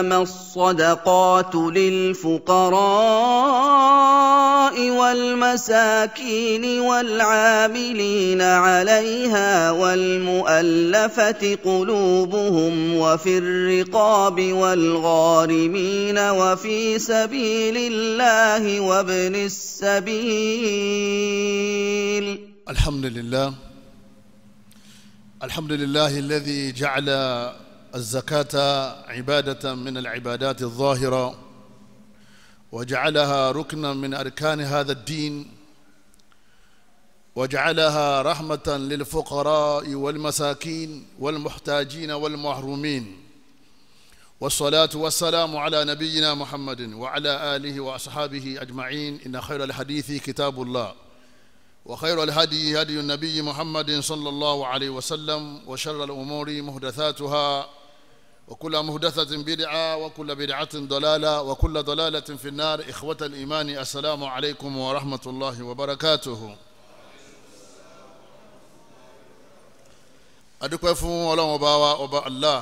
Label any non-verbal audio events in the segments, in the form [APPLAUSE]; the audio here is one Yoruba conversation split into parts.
انما الصدقات للفقراء والمساكين والعاملين عليها والمؤلفه قلوبهم وفي الرقاب والغارمين وفي سبيل الله وابن السبيل الحمد لله الحمد لله الذي جعل الزكاة عبادة من العبادات الظاهرة وجعلها ركنا من أركان هذا الدين وجعلها رحمة للفقراء والمساكين والمحتاجين والمحرومين والصلاة والسلام على نبينا محمد وعلى آله وأصحابه أجمعين إن خير الحديث كتاب الله وخير الهدي هدي النبي محمد صلى الله عليه وسلم وشر الأمور محدثاتها وكل مهدثة بدعة وكل بدعة ضلالة وكل ضلالة في النار إخوة الإيمان السلام عليكم ورحمة الله وبركاته adúpẹ́ fún ọlọ́run ọba wa ọba allah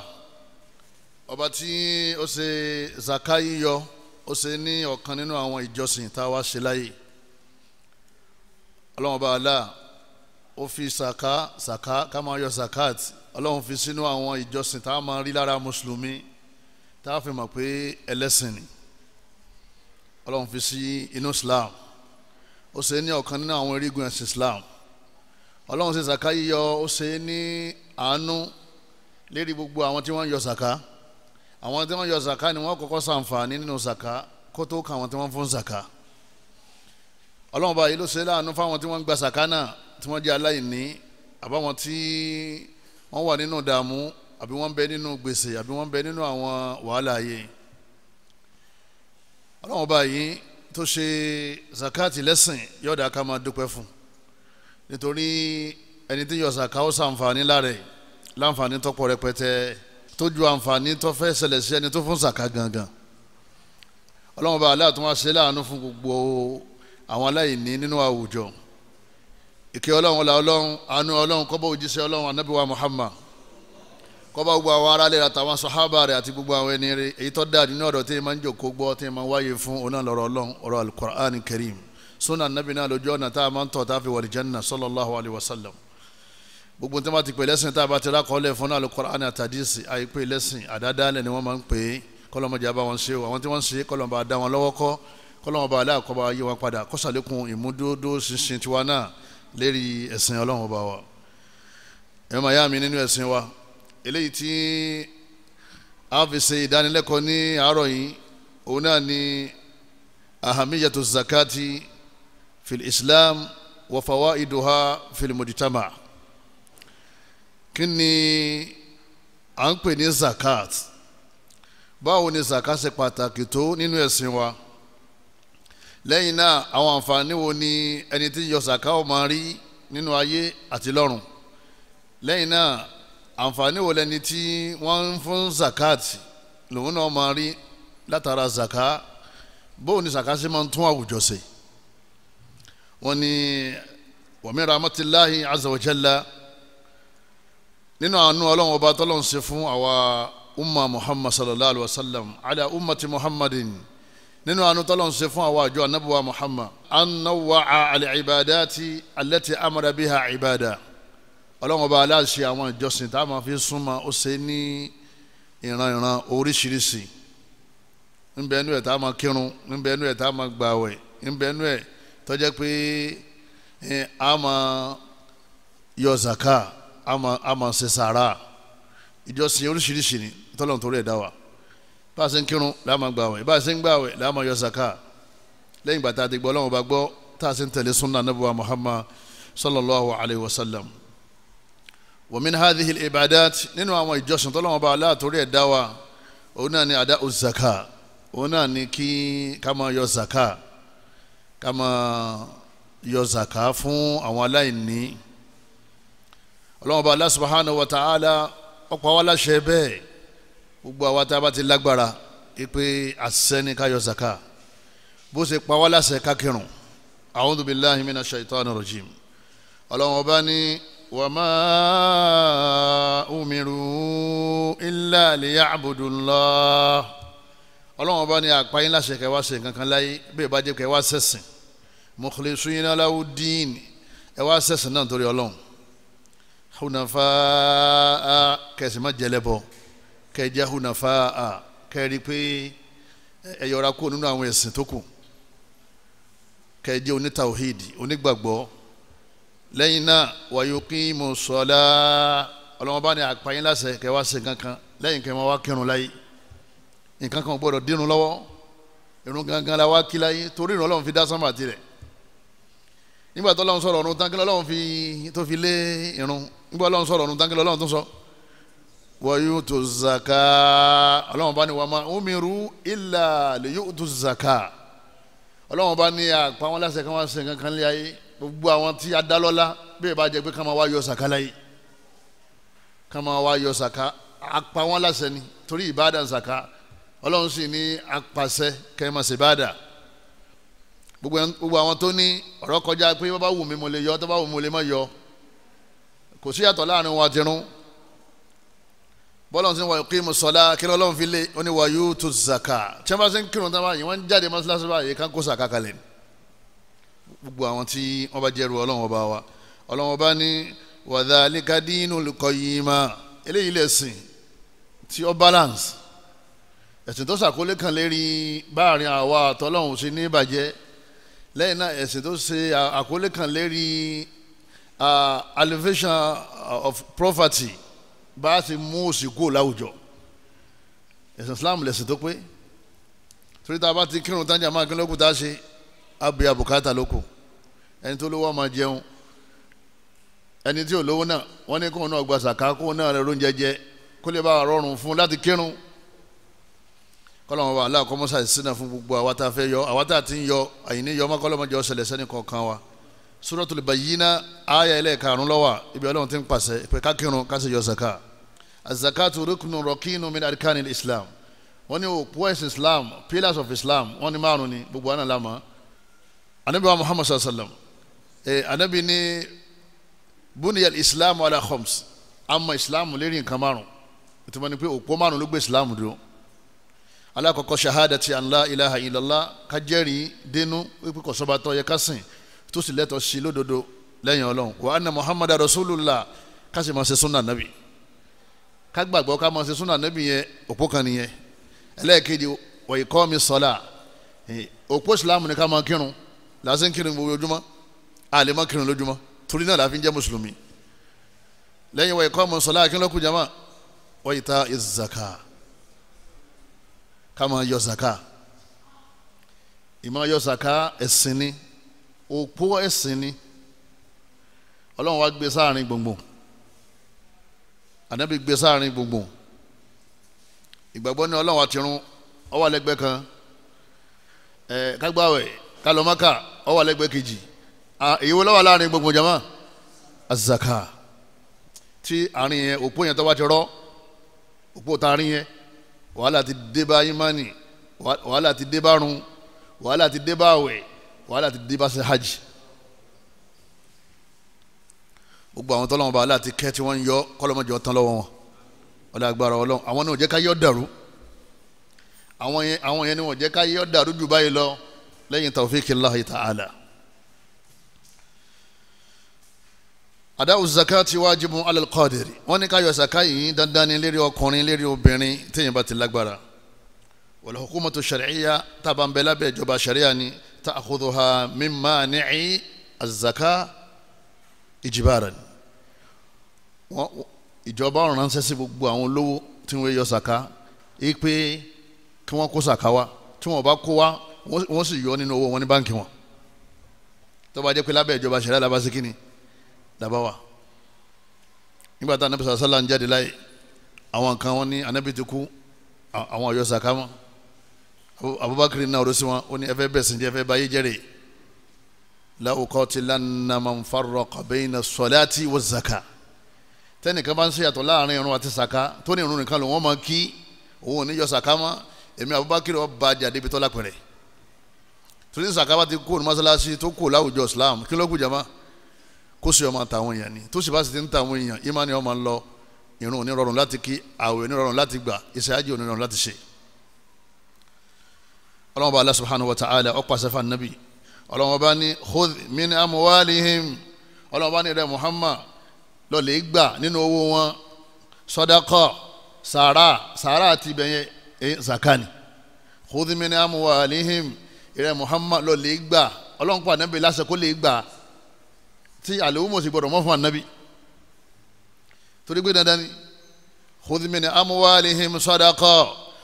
ọba tí ó ṣe zaka yíyọ ó ṣe ní ọ̀kan nínú àwọn ìjọsìn tá a wá ṣe láyè ọlọ́run ọba allah ó fi sàká sàká ká máa yọ sàkáàt ọlọ́run fi sínú àwọn ìjọsìn tá a máa rí lára mùsùlùmí tá a fi mọ̀ pé ẹlẹ́sìn ni ọlọ́run fi sí inú islam ó ṣe ní ọ̀kan nínú àwọn erigun ẹ̀sìn islam ọlọ́run ṣe sàká yíyọ ó ṣe ní àánú lérí gbogbo àwọn tí wọ́n ń yọ sàká àwọn tí wọ́n yọ sàká ni wọ́n kọ́kọ́ sàǹfààní nínú sàká kó tó kà àwọn tí wọ́n fún sàká ọlọ́run báyìí ló ṣe láàánú fáwọn tí wọ́n ń gba sàká náà tí wọ́n jẹ́ aláìní àbáwọn tí wọ́n wà nínú ìdààmú àbí wọ́n ń bẹ nínú gbèsè àbí wọ́n ń bẹ nínú àwọn wàhálà ayé ọlọ́wọ́n báyìí tó ṣe zakati lẹ́sìn yọ̀dà ká máa dúpẹ́ fún nítorí ẹni tí yọ zaka ó sàǹfààní lára ẹ̀ láǹfààní tọ́pọ̀ rẹpẹtẹ tó ju àǹfààní tó fẹ́ ṣẹlẹ̀ sí ẹni tó fún zaka gangan ọlọ́wọ́n bá aláàtúnwá ṣe láàánú fún gbogbo àwọn aláìní nínú àwùjọ ìkẹ́ ọlọ́run ọlá ọlọ́run àánú ọlọ́run kó bá òjíṣẹ́ ọlọ́run Muhammad kó bá gbogbo àwọn aráàlẹ̀ àtàwọn sàhábà rẹ̀ àti gbogbo àwọn ẹni rẹ̀ èyí tó dáa nínú ọ̀dọ̀ tí ẹ máa ń jòkó gbọ́ tí ẹ máa ń wáyé fún ọ̀nà lọ́rọ̀ ọ̀rọ̀ alukur'an karim sunna anabi náà lójú ọ̀nà tá a máa ń tọ̀ tá a fi wà sallallahu alayhi wa sallam gbogbo tí wọ́n ti pè lẹ́sìn tá a bá ti rà kọ́lẹ̀ fún alukur'an àtàdísì ni wọ́n máa ń pè é kọ́lọ́mọdé àbá wọn ṣe o àwọn tí wọ́n ṣe kọ́lọ́mọba àdá wọn lọ́wọ́ kọ́ kọ́lọ́mọba aláàkọ́ba lérí ẹ̀sìn ọlọ́run ọba wa ẹ̀rọ màá yá mi nínú ẹ̀sìn wa eléyìí tí a fi ṣe ìdánilẹ́kọ̀ọ́ ní àárọ̀ yìí òun náà ni ahamiyatu zakati fil islam wa fawaiduha fil mujtama kí ni à ń pè ní zakat báwo ni zakat ṣe pàtàkì tó nínú ẹ̀sìn wa lẹ́yìn náà àwọn àǹfààní wo ni ẹni tí ń yọ sàká ó máa rí nínú ayé àti lọ́run lẹ́yìn náà àǹfààní wo lẹni tí wọ́n ń fún zakat lòun náà máa rí látara zaka bóun ni zaka ṣe máa ń tún àwùjọ ṣe wọ́n ní wa min rahmatillahi azza wa jalla nínú àánú ọlọ́run ọba tọ́lọ́run ṣe fún àwa umma muhammad sallallahu alayhi wa sallam ala ummati muhammadin nínú àánú tọ́lọ́n ṣe fún àwọn àjọ anábùwà Muhammad anáwàá al-ibadati allati amara biha ibada ọlọ́run ọba aláṣẹ àwọn ìjọsìn tá a máa fi súnmọ́ ó ṣe ní ìran ìran oríṣiríṣi níbẹ̀ inú ẹ̀ tá a máa kírun níbẹ̀ inú ẹ̀ tá a máa gbààwẹ̀ níbẹ̀ inú ẹ̀ tó jẹ́ pé a máa yọ zaka ni tọ́lọ́run torí ẹ̀ dá wa bá a ṣe ń kírun láàmà gbà wẹ̀ bá a ṣe ń gbà wẹ̀ láàmà yọ sàká lẹ́yìn bàtà àti gbọ́ ọlọ́run bá gbọ́ tá a ṣe ń tẹ̀lé sunna nabi wa muhammad sallallahu alayhi wa sallam wa min hadhihi al-ibadat nínú àwọn ìjọsìn tọ́lọ́run bá aláàtórí ẹ̀ dá wa òun náà ni àdá òsàká òun náà ni kí ká máa yọ sàká ká máa yọ sàká fún àwọn aláìní ọlọ́run bá Allah wa ta'ala ó pa láṣẹ bẹ́ẹ̀ gbogbo àwa tá a bá ti lágbára pé àṣẹ ni ká yọ zaka bó ṣe pa wá láṣẹ ká kírun a'udhu billahi minash shaitani rajim ọlọ́run ọba ní wa ma umiru illa liya'budullah ọlọ́run ọba ní àpáyín láṣẹ kẹ́ ṣe nǹkan láyé bẹ́ẹ̀ bá jẹ́ kẹ́ ṣẹ̀sìn mukhlisina lahu ddin ẹ wá ṣẹ̀sìn náà torí ọlọ́run hunafa kẹsì má kẹjá hunafa a kẹrí pé ẹ yọra kó nínú àwọn ẹ̀sìn tó kù kẹjá onítàwọ̀hídì onígbàgbọ́ lẹ́yìn náà wàyó kí mo sọ ọ́ la ọlọ́wọ́n bá ní àpáyín láṣẹ kẹ wá ṣe nǹkan kan wá kírun láyé nǹkan kan gbọ́dọ̀ dínú lọ́wọ́ irun gangan la wá kí láyé torí ìrún ọlọ́run fi dá sánmà tirẹ̀ nígbà tó ọlọ́run sọ̀rọ̀ ọ̀run tán kí fi tó fi lé irun nígbà ọlọ́run sọ̀rọ̀ ọ̀run tán kí tó sọ wọ́yútu zaka ọlọ́wọ́n bá ní wàmà umiru ilà lèyútu zaka ọlọ́wọ́n bá ní àpá wọn lásìkò kan wá sí nǹkan kan lé ayé gbogbo àwọn tí a dá lọ́lá bẹ́ẹ̀ bá jẹ́ pé ká máa wá yọ saka láyé ká máa wá yọ saka àpá wọn lásìkò ni torí ìbáàdà zaka ọlọ́run sì ní apàṣẹ kẹ́mà sí gbogbo àwọn tó ní ọ̀rọ̀ kọjá pé bá wù mí mo lè yọ tó bá wù mí mo lè má yọ kò síyàtọ̀ láàrin wọn àti irun bọ́lá ti ń wáyé kí musọ́lá kí lọ́lọ́run fi lé ó ní wáyé tó zaka tí wọ́n bá ti ń kírun tán báyìí wọ́n ń jáde mọ́sálásí báyìí kán kó sàkà kalẹ̀ gbogbo àwọn tí wọ́n bá jẹ́rù ọlọ́run ọba wa ọlọ́run ọba ní wadhalika dinul qayyima eléyìí lè tí ó balance ẹ̀sìn tó sàkólé kan lérí báàrin àwa àtọ́lọ́hún sí ní ìbàjẹ́ lẹ́yìn náà ẹ̀sìn tó ṣe àkólé kan elevation of property bá a ti mú òsì kúrò láwùjọ ẹ̀sìn Islam lẹ̀sìn tó pé torí tá a bá ti kírun tán jàmáà kí lókun tá a ṣe abẹ́ àbùkátà lóko ẹni tó lówó máa jẹun ẹni tí ò lówó náà wọ́n ní kóun náà gba sàká kóun náà rẹ̀ lóúnjẹ jẹ kó lè bá a rọrùn fún láti kírun kọ́lọ́mọ bá aláàkọ́mọ́sá ìsínà fún gbogbo àwa tá a fẹ́ yọ àwa tá a ti ń yọ àyìní yọ ọmọ kọ́lọ́mọ jọ ṣẹlẹ̀ sẹ́ni kọ̀ọ̀kan wa suratul bayyina aya ilẹ̀ karùn lọ́wọ́ ibi ọlọ́run ti ń pàṣẹ pé ká kírun ká sì yọ zaka azakatu rukunu rọkinu min arkanil islam wọ́n ní òpó ẹ̀sìn islam pillars of islam wọ́n ní márùn ni gbogbo àná lamọ́ anabi wa muhammad sallam eh, anabi ni buniyal islam ala khoms ama islam lérí nǹkan márùn ìtumọ̀ ni pé òpó márùn ló gbé islam dúró alákọ̀ọ́kọ́ shahadati an la ilaha illallah ká jẹ́rìí dénú wípé kò sọ́ba tó yẹ ká tó sì lẹ́tọ̀ọ́ sí lódodo lẹ́yìn ọlọ́run wa anna muhammadu rasulullah ká sì máa ṣe sunna nabi ká gbàgbọ́ ká máa ṣe sunna nabi yẹn òpó kan nìyẹn ẹlẹ́ẹ̀kejì wa iqami sọ́lá òpó islam ni ká máa kírun làásì ń kírun gbogbo ojúmọ́ àlè máa kírun lójúmọ́ torí náà láfi ń jẹ́ mùsùlùmí lẹ́yìn wa iqami sọ́lá kí ló kù jama wa ita zaka ká máa yọ zaka ìmọ̀ yọ zaka ẹ̀sìn ni òpó ẹ̀sìn ni ọlọ́run wá gbé sáàrin gbùngbùn ànábì gbé sáàrin gbùngbùn ìgbàgbọ́ ní ọlọ́run àti irun ó wà lẹ́gbẹ̀ẹ́ kan ẹ̀ kágbáwẹ̀ kálọ́mọ́kà ó wà lẹ́gbẹ̀ẹ́ kejì èyí wo ló láàrin gbùngbùn jama azaka tí àárín yẹn òpó yẹn tó bá ti rọ òpó taarin yẹn wàhálà ti dé bá yimani wàhálà ti dé bá run wàhálà ti dé bá àwẹ̀ wàhálà ti dé bá ṣe hajj gbogbo àwọn tọ́lọ́wọ́n bá aláàtí kẹ́ tí wọ́n ń yọ kọ́lọ́mọ́jọ tán lọ́wọ́ wọn ọ̀dà agbára ọlọ́run àwọn náà ò jẹ́ ká yọ dàrú àwọn yẹn àwọn yẹn ni wọ́n jẹ́ ká yọ dàrú jù báyìí lọ lẹ́yìn tawfiqillahi ta'ala. adáwù zakati wajibu alal qadiri wọ́n ní ká yọ zaka yìí dandan ni lérí ọkùnrin lérí obìnrin téèyàn bá ti lágbára wal hukumatu تأخذها من مانع الزكاة إجبارا ìjọba ọ̀ràn ránṣẹ́ sí gbogbo àwọn olówó tí wọ́n yọ sàká yìí pé kí wọ́n kó sàká wá tí wọ́n bá kó wá wọ́n sì yọ nínú owó wọn ní báǹkì wọn tó bá jẹ́ pé lábẹ́ ìjọba ṣẹlẹ̀ làbá sí kíni làbá wà nígbà tá anabi sàlá ń jáde láyé àwọn kan wọn ní anabi àwọn ọ̀yọ́ sàká mọ́ abubakar náà ọdọ sí wọn ó ní ẹfẹ bẹsẹ ní ẹfẹ báyé jẹrè la uqatilanna man farraqa bayna salati wa zaka tẹnìkan bá ń ṣe yàtọ̀ láàrin irun àti saka tó ní irun nìkan ló wọ́n máa kí òun ò ní yọ saka mọ́ èmi abubakar ọba jáde bitọ́ lápẹ̀rẹ̀ torí saka bá ti kó ní masalasi tó kó láwùjọ islam kí ló kù jama kó sì ọmọ àtàwọn èèyàn ni tó sì bá sì ti ń tàwọn èèyàn ìmánìyàn máa ń lọ irun ò ní rọrùn láti kí àwẹ̀ ò ní rọrùn láti gbà ìṣáájú ò ní rọrùn láti ṣe ọlọ́wọ́n bá Allah subhanahu wa ta'ala ó pàṣẹ fún anabi ọlọ́wọ́n bá ní khudh min amwalihim ọlọ́wọ́n bá ní rẹ Muhammad lọ́ọ̀lẹ́ gbà nínú owó wọn sadaqa sàrà sàrà àti ibẹ̀yẹ e, zakani khudh min amwalihim ìrẹ Muhammad lọ́ọ̀lẹ́ gbà ọlọ́wọ́n pa anabi láṣẹ kó lè gbà tí àlèwúmọ̀ sì gbọ́dọ̀ mọ́ fún anabi torí gbé dandan ni khudh min amwalihim sadaqa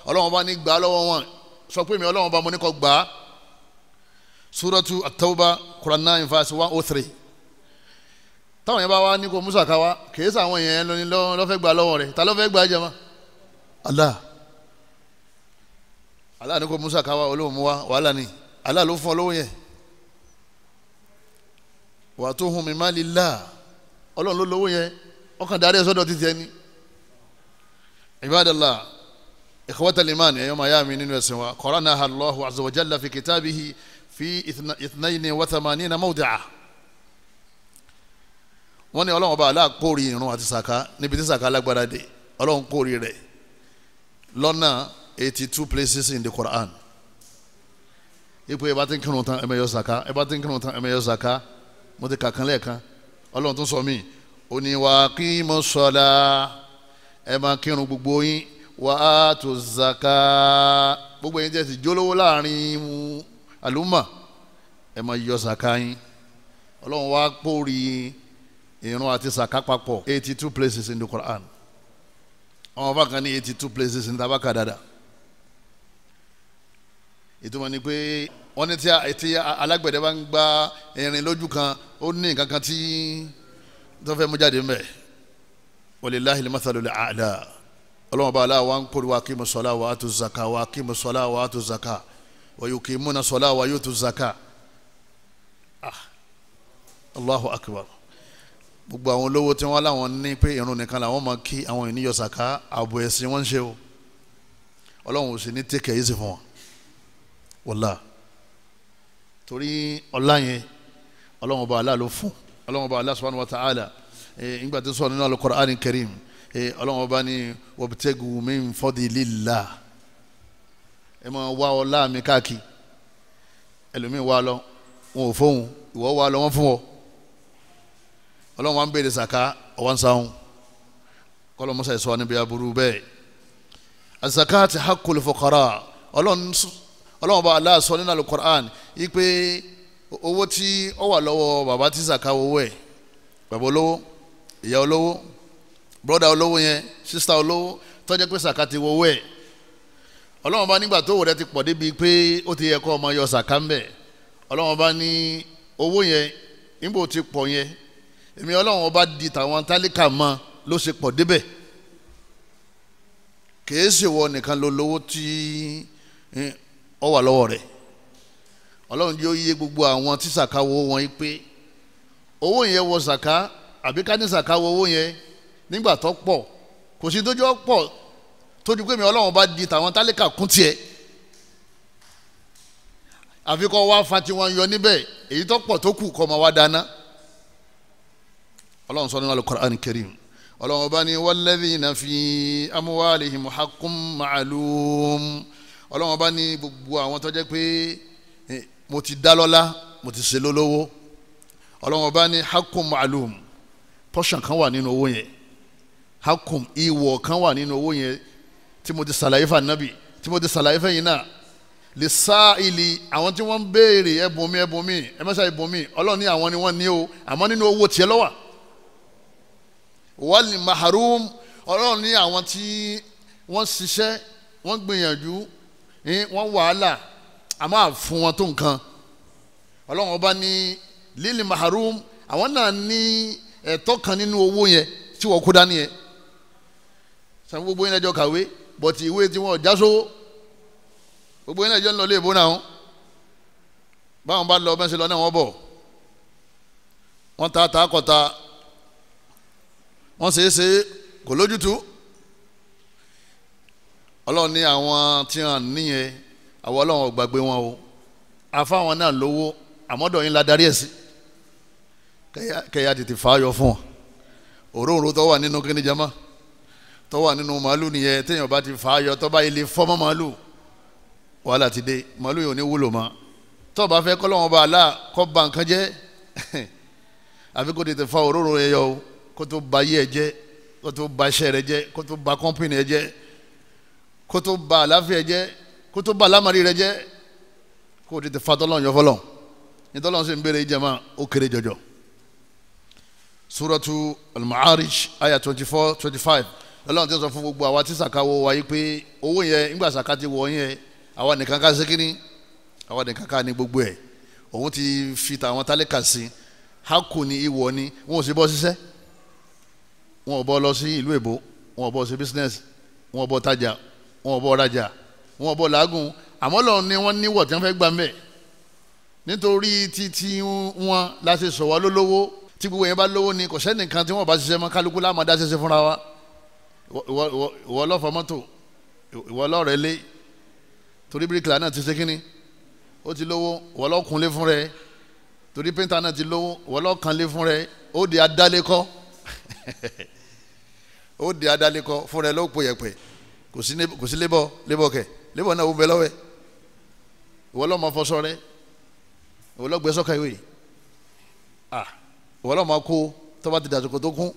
ọlọ́wọ́n bá ní gbà lọ́wọ́ wọn sọ pé mi ọlọ́run ọba mo ní kó gbà á suratu at-tawba quran nine verse one oh three táwọn yẹn bá wá ní kó musa ká wá kìí sá àwọn yẹn lóni lọ́fẹ́ gba lọ́wọ́ rẹ̀ ta lọ́fẹ́ gba jẹ́ ma Allah Allah ní kó musa ká wá olóhùn mu wá wàhálà ni Allah ló fún ọ lówó yẹn wà tó hun mi má lè la ọlọ́run ló lówó yẹn ọkàn darí ẹ sọ́dọ̀ títí ẹni ibadallah ikhwata الإيمان يوم ẹ̀yọ́ màá yá mi nínú ẹ̀sìn wa qaranaha Allahu azza wa jalla fi kitabihi fi ithnayni wa thamanina mawdi'a wọ́n ní ọlọ́run ọba aláà kórì àti sàká níbi tí sàká lágbára dé ọlọ́run kórì rẹ̀ lọ́nà eighty two places in the Quran ipò ẹ bá ti ń kírun tán ẹ mẹ́yọ sàká ẹ bá ti ń kírun tán ẹ mẹ́yọ sàká mo ti kàkán lẹ́ẹ̀kan ọlọ́run tó sọ mí òní wà kí máa kírun gbogbo yín wà á tó zaka gbogbo yẹn tẹ̀sí jólówó láàrin àlùmọ̀ ẹ̀ máa yọ zaka yín ọlọ́run wá pórí irun àti zaka papọ̀ eighty two places in the Quran àwọn bá kan ní eighty two places ní tabaka dada ìtumọ̀ ni pé wọ́n ní tí alágbẹ̀dẹ bá ń gba irin lójú kan ó ní nǹkan kan tí tó fẹ́ mú jáde ń bẹ̀ walillahi ala ọlọ́run bá aláwa ń pòrí wa kí mo sọ́lá wa tó zaka wa kí mo sọ́lá wa tó zaka wa yóò kí mo na sọ́lá wa yóò tó zaka ah allahu akbar gbogbo àwọn olówó tí wọ́n láwọn ní pé irun nìkan làwọn máa kí àwọn ènìyàn zaka ààbò ẹ̀sìn wọn ń ṣe o ọlọ́run ò sì ní tẹ́kẹ̀ yìí sì fún wọn wọ́lá torí ọlá yẹn ọlọ́run bá aláà ló fún ọlọ́run bá aláà subhanahu wa ta'ala ìgbà tí sọ̀rọ̀ nínú al ọlọ́run ọba ní wọ́pútẹ́gù min fadlillah ẹ máa wá ọlá mi káàkiri ẹlòmíì wá lọ wọn ò fóun ìwọ wá lọ wọn fún ọ ọlọ́run ń béèrè sàká ọwọ́ ń sáwọn kọlọmọsà ẹ̀ sọ wa níbi aburú bẹ́ẹ̀ azaka ti hakul fukara ọlọ́run bá aláà sọ nínú alukur'an yìí pé owó tí ó wà lọ́wọ́ bàbá tí sàká owó ẹ̀ bàbá olówó ìyá olówó broda olówó yẹn sista olówó tọ́jú pé sàkà ti wọ́wọ́ ẹ̀ ọlọ́wọ́n bá nígbà tó wò rẹ ti pọ̀ débi pé ó ti yẹ kó ọmọ yọ sàkà ń bẹ̀ ọlọ́wọ́n bá ní owó yẹn níbo ti pọ̀ yẹn èmi ọlọ́wọ́n bá di tàwọn tálíkà mọ́ ló ṣe pọ̀ débẹ̀ kìí ṣèwọ nìkan ló lówó tí ọ wà lọ́wọ́ rẹ̀ ọlọ́run yóò yé gbogbo àwọn tí sàkà wo wọn yìí pé owó yẹn wọ sàkà àbí ká ní sàkà wo owó yẹn nígbà tó pọ̀ kò sí tójú ọ̀pọ̀ tójú pé mi ọlọ́run bá di tàwọn tálíkà kún tiẹ̀ àfikọ́ wa fa tiwọn yọ níbẹ̀ èyí tó pọ̀ tó kù kọ́ ma wá dáná ọlọ́run sọ nínú Al-Qur'an Karim ọlọ́run bá ní walladhina fi amwalihim haqqun ma'lum ọlọ́run bá ní gbogbo àwọn tó jẹ́ pé mo ti dá mo ti ṣe lólówó ọlọ́run bá ní haqqun ma'lum pọ́ṣàn kan wà nínú owó yẹn hakum ìwọ̀ kan wà nínú owó yẹn tí mo ti ṣàlàyé fún anabi tí mo ti ṣàlàyé fún yín náà lè sá ìlì àwọn tí wọ́n ń béèrè ẹ̀bùn mi ẹ̀bùn mi ẹ mẹ́sà ẹ̀bùn mi ọlọ́ọ̀ni àwọn ni wọ́n ní o àmọ́ nínú owó tiẹ̀ lọ́wà wàlì maharum ọlọ́ọ̀ni àwọn tí wọ́n ṣiṣẹ́ wọ́n gbìyànjú wọ́n wàhálà àmọ́ àfún wọn tó nǹkan ọlọ́run ọba ní lílì maharum àwọn náà ní ẹ̀tọ́ kan nínú owó yẹn tí wọ́n kó dání yẹn sàn gbogbo yín lẹ́jọ́ kàwé bọ̀tì ìwé tí wọ́n já sówó gbogbo yín lẹ́jọ́ ń lọ ilé ìbò náà báwọn bá lọ mẹ́sẹ̀ lọ náà wọ́n bọ̀ wọ́n ta ta kọ̀ta wọ́n ṣeé ṣe kò lójútu ọlọ́run ní àwọn tí wọ́n níyẹn àwọn ọlọ́run ò gbàgbé wọn o afáwọn náà lówó àmọ́dọ̀ yín la darí ẹ̀ sí kẹ́yà tètè fàáyọ fún ọ òróǹro tó wà nínú kíní jama. No tó wà nínú màálù nìyẹn téèyàn bá ti fà á yọ tó bá ilé fọ́mọ́ màálù wàhálà ti dé màálù yóò ní wúlò mọ́ tó o bá fẹ́ kọ́ lọ́wọ́ bá a la kọ́ ba nǹkan jẹ́ [LAUGHS] àfi kò tètè fa òróró yẹn yọ o kó tó ba yé ẹ jẹ́ kó tó ba iṣẹ́ rẹ jẹ́ kó tó ba kọ́ńpìnì ẹ jẹ́ kó tó ba àláfíà jẹ́ kó tó ba lámàrí rẹ jẹ́ kó tètè fa tọ́lọ́ yọ fọlọ́ nítọ́lọ́ sì ń béèrè ìjàmá ó al-ma'arij ayah twenty four twenty five lọ́lọ́run ti sọ fún gbogbo àwa tí sàká wọ wa yìí pé owó yẹn nígbà sàká ti yẹn àwa nìkan ká sékíní àwa nìkan ká ní gbogbo ẹ̀ òun ti fi tàwọn tálíkà sí hákù ní ìwọ ni wọn ò sì bọ́ ṣiṣẹ́ wọn ò bọ́ lọ sí ìlú èbó wọn ò bọ́ ṣe bísínẹ́sì wọn ò bọ́ tajà wọn ò bọ́ rajà wọn ò bọ́ làágùn àmọ́ lọ́run ni wọ́n níwọ̀ tí wọ́n fẹ́ gbà mẹ́ẹ̀ nítorí títí wọn la ṣe sọ wá lólówó tí gbogbo yẹn bá lówó ni kò sẹ́nìkan tí wọ́n bá ṣiṣẹ́ mọ́ kálukú láàmú adá fúnra wa ìwọ ọlọ́fọ mọ́tò ìwọ ọlọ́rẹ̀ lé torí bíríkìlà náà ti ṣe kínní ó ti lówó ìwọ ọlọ́kunlé fún rẹ torí pẹ́ńtà náà ti lówó ìwọ ọlọ́kanlé fún rẹ ó di adálékọ́ [LAUGHS] ó di adálékọ́ fún rẹ ló po yẹ̀pẹ̀ kò sí lébọ̀ lébọ̀ kẹ̀ lébọ̀ náà ó bẹ lọ́wẹ̀ ìwọ ọlọ́mọ rẹ ìwọ ọlọ́gbẹ́sọ́kà ìwọ ọlọ́mọ tọ́ba ti dàtúkọ̀ tó kún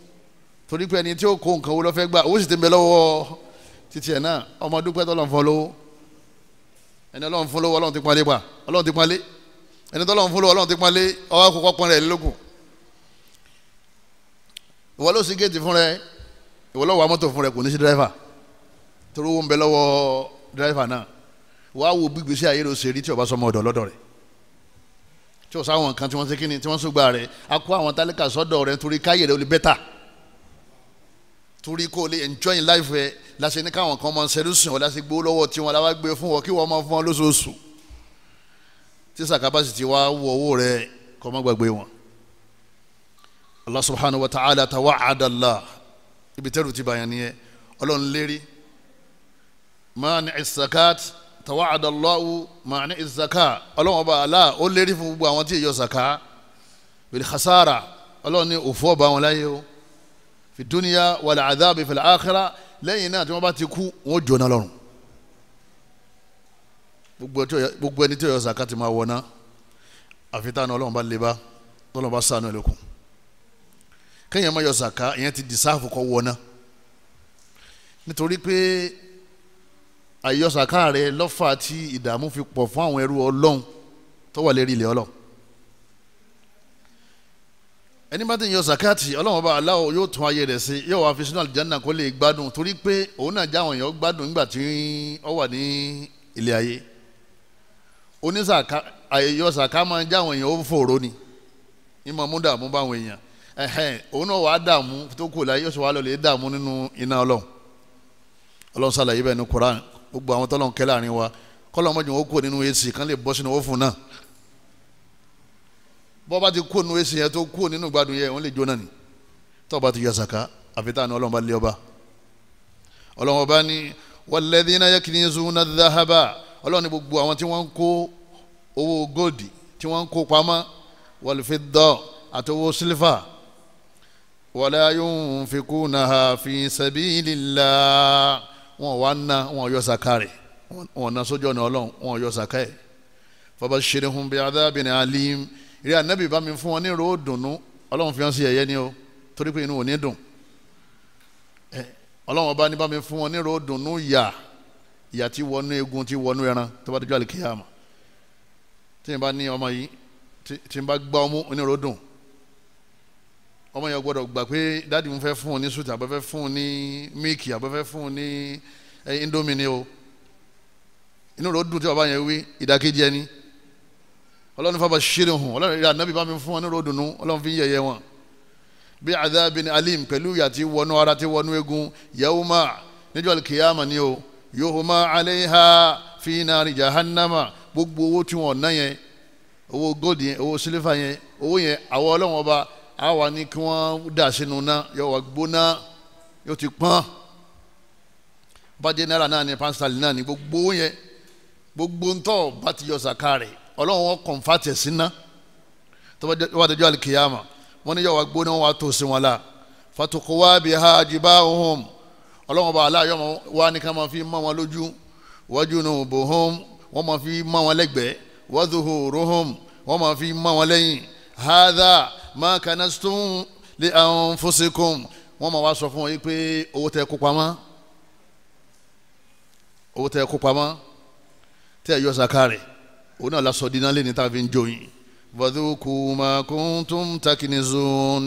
torí pé ẹni tí ó kó nǹkan owó lọ́fẹ́ gbà owó sì ti ń bẹ lọ́wọ́ títí ẹ̀ náà ọmọ dúpẹ́ tó lọ́n fọ́ lówó ẹni ọlọ́run fún lówó ọlọ́run ti palẹ̀ pa ọlọ́run ti palẹ̀ ẹni tó lọ́run fún lówó ọlọ́run ti palẹ̀ ọwọ́ àkọ́kọ́ pọn rẹ̀ lókun ìwọ ló sì géètì fún rẹ ìwọ ló wa mọ́tò fún rẹ kò ní sí dírẹ́fà torí owó ń bẹ lọ́wọ́ dírẹ́fà náà wàá wo bí gbèsè ayé rẹ ṣe rí tí o sọmọ ọ̀dọ̀ lọ́dọ̀ rẹ̀ tí o sáwọn nǹkan tí wọ́n ṣe kíni tí wọ́n sùgbà rẹ̀ a àwọn tálíkà sọ́dọ̀ rẹ̀ torí káyè rẹ̀ torí kó o lè enjoy life ẹ láṣẹ ní káwọn kan máa ń ṣẹlú sùn ọ láṣẹ gbowó lọ́wọ́ tí wọn làwọn gbé fún wọn kí wọn máa fún wọn lóṣooṣù tí sàkábàsì ti wá wọ owó rẹ kọ́ má gbàgbé wọn. Allah subhanahu wa ta'ala tawa'ada Allah ibi tẹ́lu ti bàyàn nìyẹn ọlọ́run lérí mani isakat tawa'ada Allahu mani isaka ọlọ́run ọba Allah ó lérí fún gbogbo àwọn tí èyí yọ sàká bil khasara ọlọ́run ní òfò ọba wọn láyé o fi dúníyà wàlẹ̀ àdáàbí fil àkhírà lẹ́yìn náà tí wọ́n bá ti kú wọ́n jóná lọ́rùn gbogbo ẹni tí ó yọ zaka ti máa wọná àfitánu ọlọ́run bá leba ọlọ́run bá sànú ẹlẹ́kùn kéèyàn máa yọ zaka ìyẹn ti dìsáàfù kọ́ wọná nítorí pé àyọ rẹ lọ́fà tí ìdààmú fi pọ̀ fún àwọn ẹrú ọlọ́run tó wà lérí ilẹ̀ ọlọ́run ẹni bá ti yan zakati ọlọ́run bá aláwọ̀ yóò tún ayé rẹ̀ sí yóò wá fi sínú àlìjáná kó lè gbádùn torí pé òun náà jáwọn èèyàn gbádùn nígbà tí ó wà ní ilé ayé onísàká àyẹ̀yọ sàká máa ń jáwọn èèyàn ó fòró ni ìmọ̀ mú dààmú báwọn èèyàn ẹ̀hẹ́n òun náà wàá dààmú tó kù láyé yóò sọ wàá lọ́lẹ̀ dààmú nínú iná ọlọ́run ọlọ́run sàlàyé bẹ́ẹ̀ ní Quran gbogbo àwọn tọ́lọ́run kẹ́ láàrin wa kọ́lọ́mọ́jú bọ́ bá ti kó nu èsì yẹn tó kó nínú gbádùn yẹn wọ́n lè jóná ni tó bá ti yọ sàká àfitáàní ọlọ́run bá lé ọba ọlọ́run ọba ní walladhina yaknizuna dhahaba ọlọ́run ní gbogbo àwọn tí wọ́n ń kó owó góòdì tí wọ́n ń kó pamọ́ walfidda àti owó sílífà wala yunfikunaha fi sabilillah wọn wá ná wọn yọ sàká wọn ná sójú ọ̀nà ọlọ́run wọn yọ sàká ẹ̀ fabashirhum bi'adhabin alim eré anabi bá mi fún wọn ní ròó dùnú ọlọ́run fi hàn sí ẹ̀yẹ ni o torí pé inú ò ní dùn ọlọ́run ọba ní bá mi fún wọn ní ròó dùnú yà ìyà tí wọnú egun tí wọnú ẹran tó bá dé jọ́lẹ̀ kíyàmà tí n bá ní ọmọ yìí tí n bá gbá ọmú ní ròó dùn ọmọ yẹn gbọ́dọ̀ gbà pé dáàdi mo fẹ́ fún un ní sùtà abẹ́fẹ́ fún un ní míìkì abẹ́fẹ́ fún un ní indomie ni o inú ròó dùn tí bàbá yẹn wí ìdákẹ́jẹ́ ni ọlọ́run ní fabashirhum ọlọ́run ìrẹ́ ànábì bá mi fún wọn ní ròdùnú ọlọ́run fi ń yẹ̀yẹ́ wọn bí adhabin alim pẹ̀lú ìyà tí wọnú ara tí wọnú egun yawma níjọ́ alkiyama ni o yuhma alayha fi nari jahannama gbogbo owó tí wọn ná yẹn owó gold yẹn owó sílífà yẹn owó yẹn àwọn ọlọ́run ọba á wà kí wọ́n dà sínú náà yóò wá gbóná yóò ti pọ́n bàjẹ́ náírà náà ni pásítàlì náà ni gbogbo yẹn gbogbo ntọ́ bá ti yọ sàkárẹ̀ ọlọ́run wọn kọ̀ǹfàtì ẹ̀sìn ná tọ́wọ́ àtẹjọ́ alikiyama wọ́n ní yọ̀wá gbóná wọn wá tó sí wọn la fatukọ̀ wá bi ha jìbá ohun ọlọ́run bá aláyọ̀ wá ní ká máa fi mọ́ wọn lójú wájú nù bò hom wọ́n máa fi mọ́ wọn lẹ́gbẹ̀ẹ́ wàdùhù ruhum wọ́n máa fi mọ́ wọn lẹ́yìn hadha ma kanastum li anfusikum wọ́n máa wá sọ fún wọn pé owó tẹ kó pamọ́ owó tẹ kó pamọ́ tẹ yọ sàkárẹ̀ òun náà lásọ dínà lẹ́ni tá a fi ń joyin bọ́dúkú máa kún tún takini zun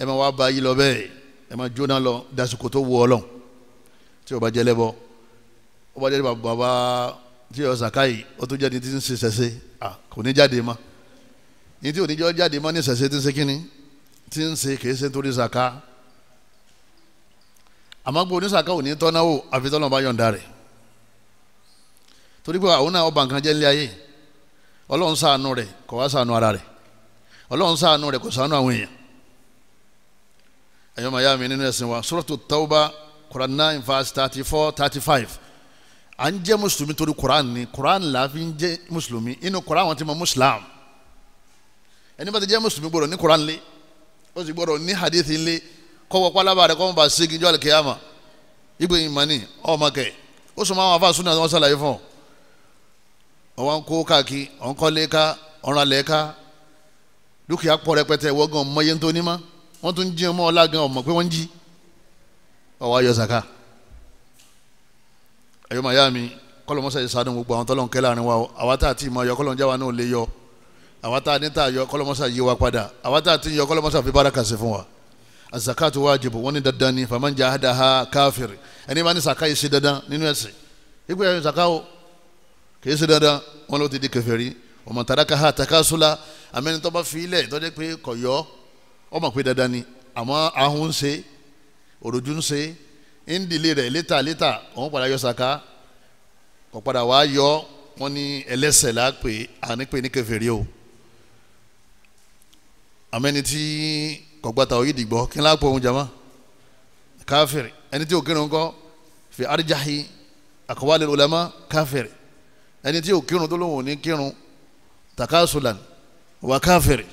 ẹ máa wá bá yí lọ bẹ́ẹ̀ ẹ máa jóná lọ dasìkò tó wù ọ lọ tí o bá jẹ lẹ́bọ o bá jẹ bàbá tí o sàkáyì o tó jáde tí ń ṣe ṣẹṣe kò ní jáde mọ́ ní tí oníjọ́ jáde mọ́ ní ṣẹṣe tí ń ṣe kínní tí ń ṣe kìí ṣe nítorí ṣàká àmọ́ gbogbo oníṣàká ò ní tọ́náwó àfi tọ́lọ́mọba yọ̀ǹda rẹ̀ torí pé àwọn náà ọba nǹkan jẹ́ nílé ayé ọlọ́run ṣàánú rẹ̀ kò wá ṣàánú ara rẹ̀ ọlọ́run ṣàánú rẹ̀ kò ṣàánú àwọn èèyàn ẹ̀yọ́ màá yá mi nínú ẹ̀sìn wa suratu tauba quran nine verse thirty four thirty five à ń jẹ́ mùsùlùmí torí quran ni quran là á fi ń jẹ́ mùsùlùmí inú quran wọn ti mọ muslim ẹni bá ti jẹ́ mùsùlùmí gbọ́dọ̀ ní quran lé ó sì gbọ́dọ̀ ní hadith lé kọ́wọ́ pálábà rẹ̀ kọ́mọba ségi jọ́ àlùkìyàmà ìgbẹ̀yìn mani ọmọkẹ́ ó sọ ma àwọn afa sunna wọn sàlàyé fún ọ ọwọ́ ń kó káàkiri ọ̀n kọ́ lẹ́ka ọ̀ràn lẹ́ka dúkìá pọ̀ rẹpẹtẹ ìwọ gan tó ní ma wọ́n tún jí ọmọ ọlá gan ọmọ pé wọ́n ń jí ọwọ́ ayọ̀ zaka ẹ̀yọ́ màyá mi kọ́lọ́ mọ́sá yìí sàdùn gbogbo àwọn tọ́lọ́ ń kẹ́ láàrin wa àwa tá a ti mọ yọ kọ́lọ́ ń já wa náà lè yọ àwa tá a ní tá yọ kọ́lọ́ mọ́sá yí wa padà àwa tá a ti yọ kọ́lọ́ mọ́sá fi báraka sí fún wa azakatu wajibu wọn ni dandan ni faman jahadaha kafir ẹni bá ní saka sí dandan nínú ẹ̀sìn ìgbéyàwó saka kìí ṣe dandan wọn ló ti di kèfèrí ọmọ tàdákà ha takasula amẹnitọ́ bá fi ilẹ̀ tọ́jú pé kọ̀yọ́ ọmọ pé dandan ni àmọ́ ahun ń ṣe òròjú ń ṣe ndílé rẹ̀ létà létà òun padà yọ sàká kò padà wá yọ wọn ní ẹlẹ́sẹ̀ là pé àní pé ní kèfèrí o amẹnití kọ̀gbàtà òyìn dìgbọ́ kí n ohun jama káfíìrì ẹni tí ò kírun kọ́ fi arjahi aqwalil ulama káfíìrì ẹni tí ò kírun tó lóun ò ní kírun takasulan wà káfìrì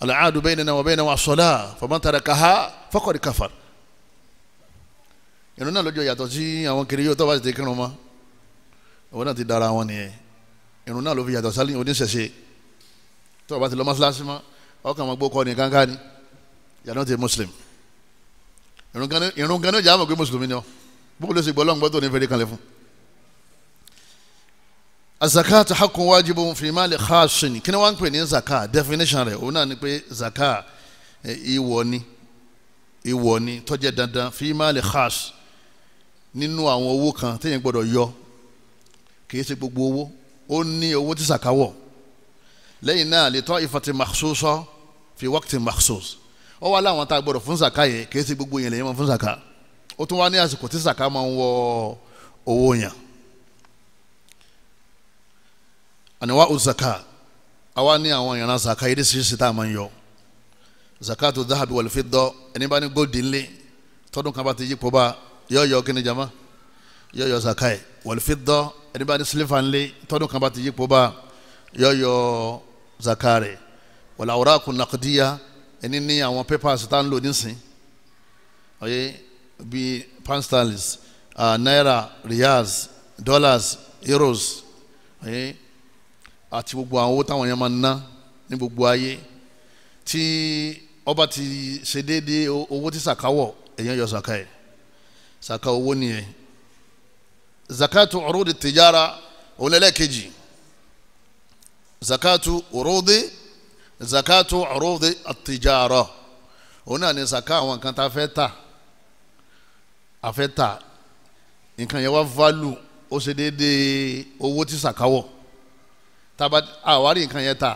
alaadu baynana wa bayna wa as-salah faman tarakaha faqad kafar ìrun náà lọ́jọ́ yàtọ̀ sí àwọn kiri yóò tó bá ti kírun mọ́ òun náà ti dára wọn nìyẹn ìrun náà ló fi yàtọ̀ sálí oníṣẹ̀ṣe tó o bá ti lọ mọ́ṣáláṣí mọ́ ọkàn máa gbókọ́ ní kankan ni yàtọ̀ ti muslim ìrun gan ní ìjà àmọ̀ mùsùlùmí ni ọ bókòló sì gbọ́ lọ́ngbọ́tò ní fèrè kanlẹ̀ fún azakata hakun wajibu fi mali khasin kí ni wọ́n ń pè zaka definition rẹ̀ òun náà ni pé zaka eh, ìwọ ni ìwọ ni tó dandan fi mali khas nínú àwọn owó kan téèyàn gbọ́dọ̀ yọ kìí ṣe gbogbo owó ó ní owó tí zaka wọ̀ lẹ́yìn náà li ta'ifati makhsusa fi waqti makhsus ó wá láwọn tá a gbọ́dọ̀ fún zaka yẹn kìí ṣe gbogbo yẹn lè yẹn fún zaka ó tún wá ní àsìkò tí zaka máa ń wọ owó yẹn. àníwá òzaka àwa ní àwọn ìran zaka yìí ṣíṣe tá a máa ń yọ zakatu dhahabi wal fidda ẹni bá ní góòdì ńlẹ̀ tọdún kan bá ti yí pọ̀ bá yọ yọ jama yọ yọ zaka yìí wal fidda ẹni bá ní sílífà ńlẹ̀ tọdún kan bá ti yí pọ̀ bá yọ yọ zaka rẹ̀ wal awraqun naqdiya ẹni ní àwọn papers tá a ń lò nísìn ọyẹ bíi pound sterling ah, naira riyals dollars euros ọyẹ. Okay? àti gbogbo àwọn owó táwọn yẹn máa ná ní gbogbo ayé tí ọba ti ṣe déédéé owó tí sàkáwọ̀ èèyàn yọ sàká ẹ̀ sàká owó nìyẹn zakatu urudi tijara olẹ́lẹ́kejì zakatu urudi zakatu urudi tijara òun náà ni sàká àwọn nǹkan tá a fẹ́ tà a fẹ́ tà nǹkan yẹn wá value ó ṣe déédéé owó tí sàkáwọ̀ Taba àwárí nǹkan yẹn ta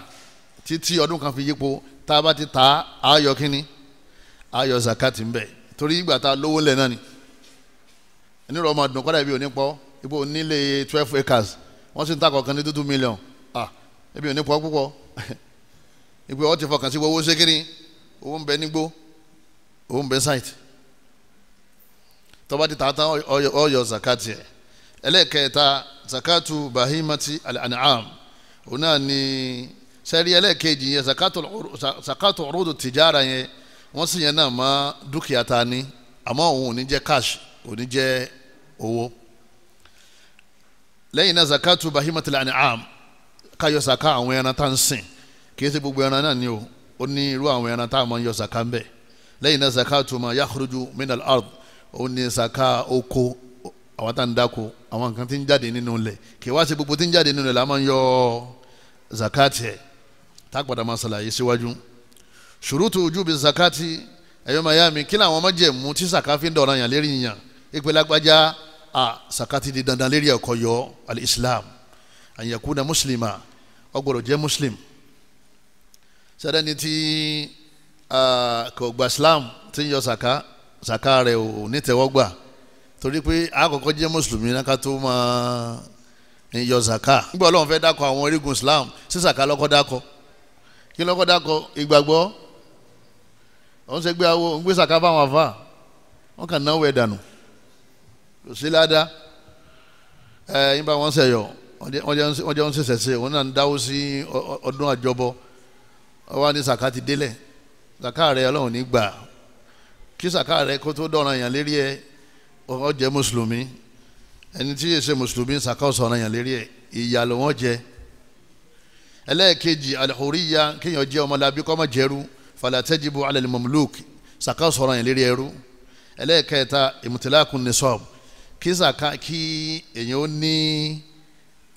titi ọdún kan fi yípo tába ti ta ayọ̀ kínní ayọ̀ zakati ńbẹ torí ìgbà tá lówó lẹ̀ náà ni ẹnìrọ̀ ọmọ ọdún kọ́dà ibi òní pọ̀ ipò nílé twelve acres wọ́n sì ń ta kọ̀ọ̀kan ní two million ah ibi òní pọ̀ púpọ̀ [LAUGHS] ipò ọ̀ ti fọkàn sí owó sékìrì owó ń bẹ nígbó owó ń bẹ site tọ́ba ti ta tán ọyọ zakati ẹ̀ ẹlẹ́ẹ̀kẹta zakatu bahimati al òun náà ni sẹ́rí ẹlẹ́ẹ̀kejì yẹn sàkátò ọ̀rọ̀dù tìjára yẹn wọ́n sì yẹn náà mọ́ dúkìá ta ni àmọ́ òun ò ní jẹ́ cash ò ní jẹ́ owó lẹ́yìn náà zakatu bahimatul an'am káyọ saka àwọn ẹran tá ń sìn kì í ṣe gbogbo ẹran náà ni o ó ní irú àwọn ẹran tá a máa ń yọ saka ń bẹ̀ lẹ́yìn náà zakatu ma yakhruju minal ard ó ní saka oko àwọn tá à ń dáko àwọn nǹkan tí ń jáde nínú ilẹ̀ kì sí gbogbo tí ń jáde nínú ilẹ̀ la máa ń yọ zakati ẹ̀ tá a padà máa ṣàlàyé síwájú ṣùrùtù ujubi zakati ẹ̀yọ́ maya mi kí làwọn májẹ̀mú tí sàká fi ń dọ̀ràn yàn lérí yàn ìpele agbájá a zakati di dandan lérí ẹ̀kọ́ yọ al-islam an yakuna mùsùlùmá ó gbọ́dọ̀ jẹ́ mùsùlùm sẹ́dẹ́ni tí kò gba islam ti ń yọ sàká sàká rẹ̀ ò nítẹ̀wọ́gbà torí pé àkọ́kọ́ jẹ́ mùsùlùmí náà ká tó máa yọ zaka nígbà ọlọ́run fẹ́ dákọ̀ àwọn orígun islam sí zaka lọ́kọ́ dákọ̀ kí lọ́kọ́ dákọ̀ ìgbàgbọ́ òun ṣe gbé awo òun gbé zaka fáwọn afa wọn kàn náwó ẹ̀ dànù kò sí ládàá ẹ yín bá wọn ṣẹ̀yọ wọ́n jẹ́ ń ṣẹ̀ṣẹ̀ ṣe náà ń dáwó sí ọdún àjọbọ wọ́n wá ní zaka ti délẹ̀ zaka rẹ̀ ọlọ́run ní gbà kí zaka rẹ̀ kó tó dọ̀ràn yàn lérí ẹ̀ ó jẹ́ mùsùlùmí ẹni tí yìí ṣe mùsùlùmí ṣàkóso ọ̀ràn yẹn lérí ẹ̀ ìyà ló wọ́n jẹ ẹlẹ́ẹ̀kejì alihuriya kéèyàn jẹ́ ọmọlábí kó má jẹ́rú falatajibu alal mamluk ṣàkóso ọ̀ràn yẹn lérí ẹrú ẹlẹ́ẹ̀kẹta ìmùtìlákùn nisab kí ṣàká kí èèyàn ó ní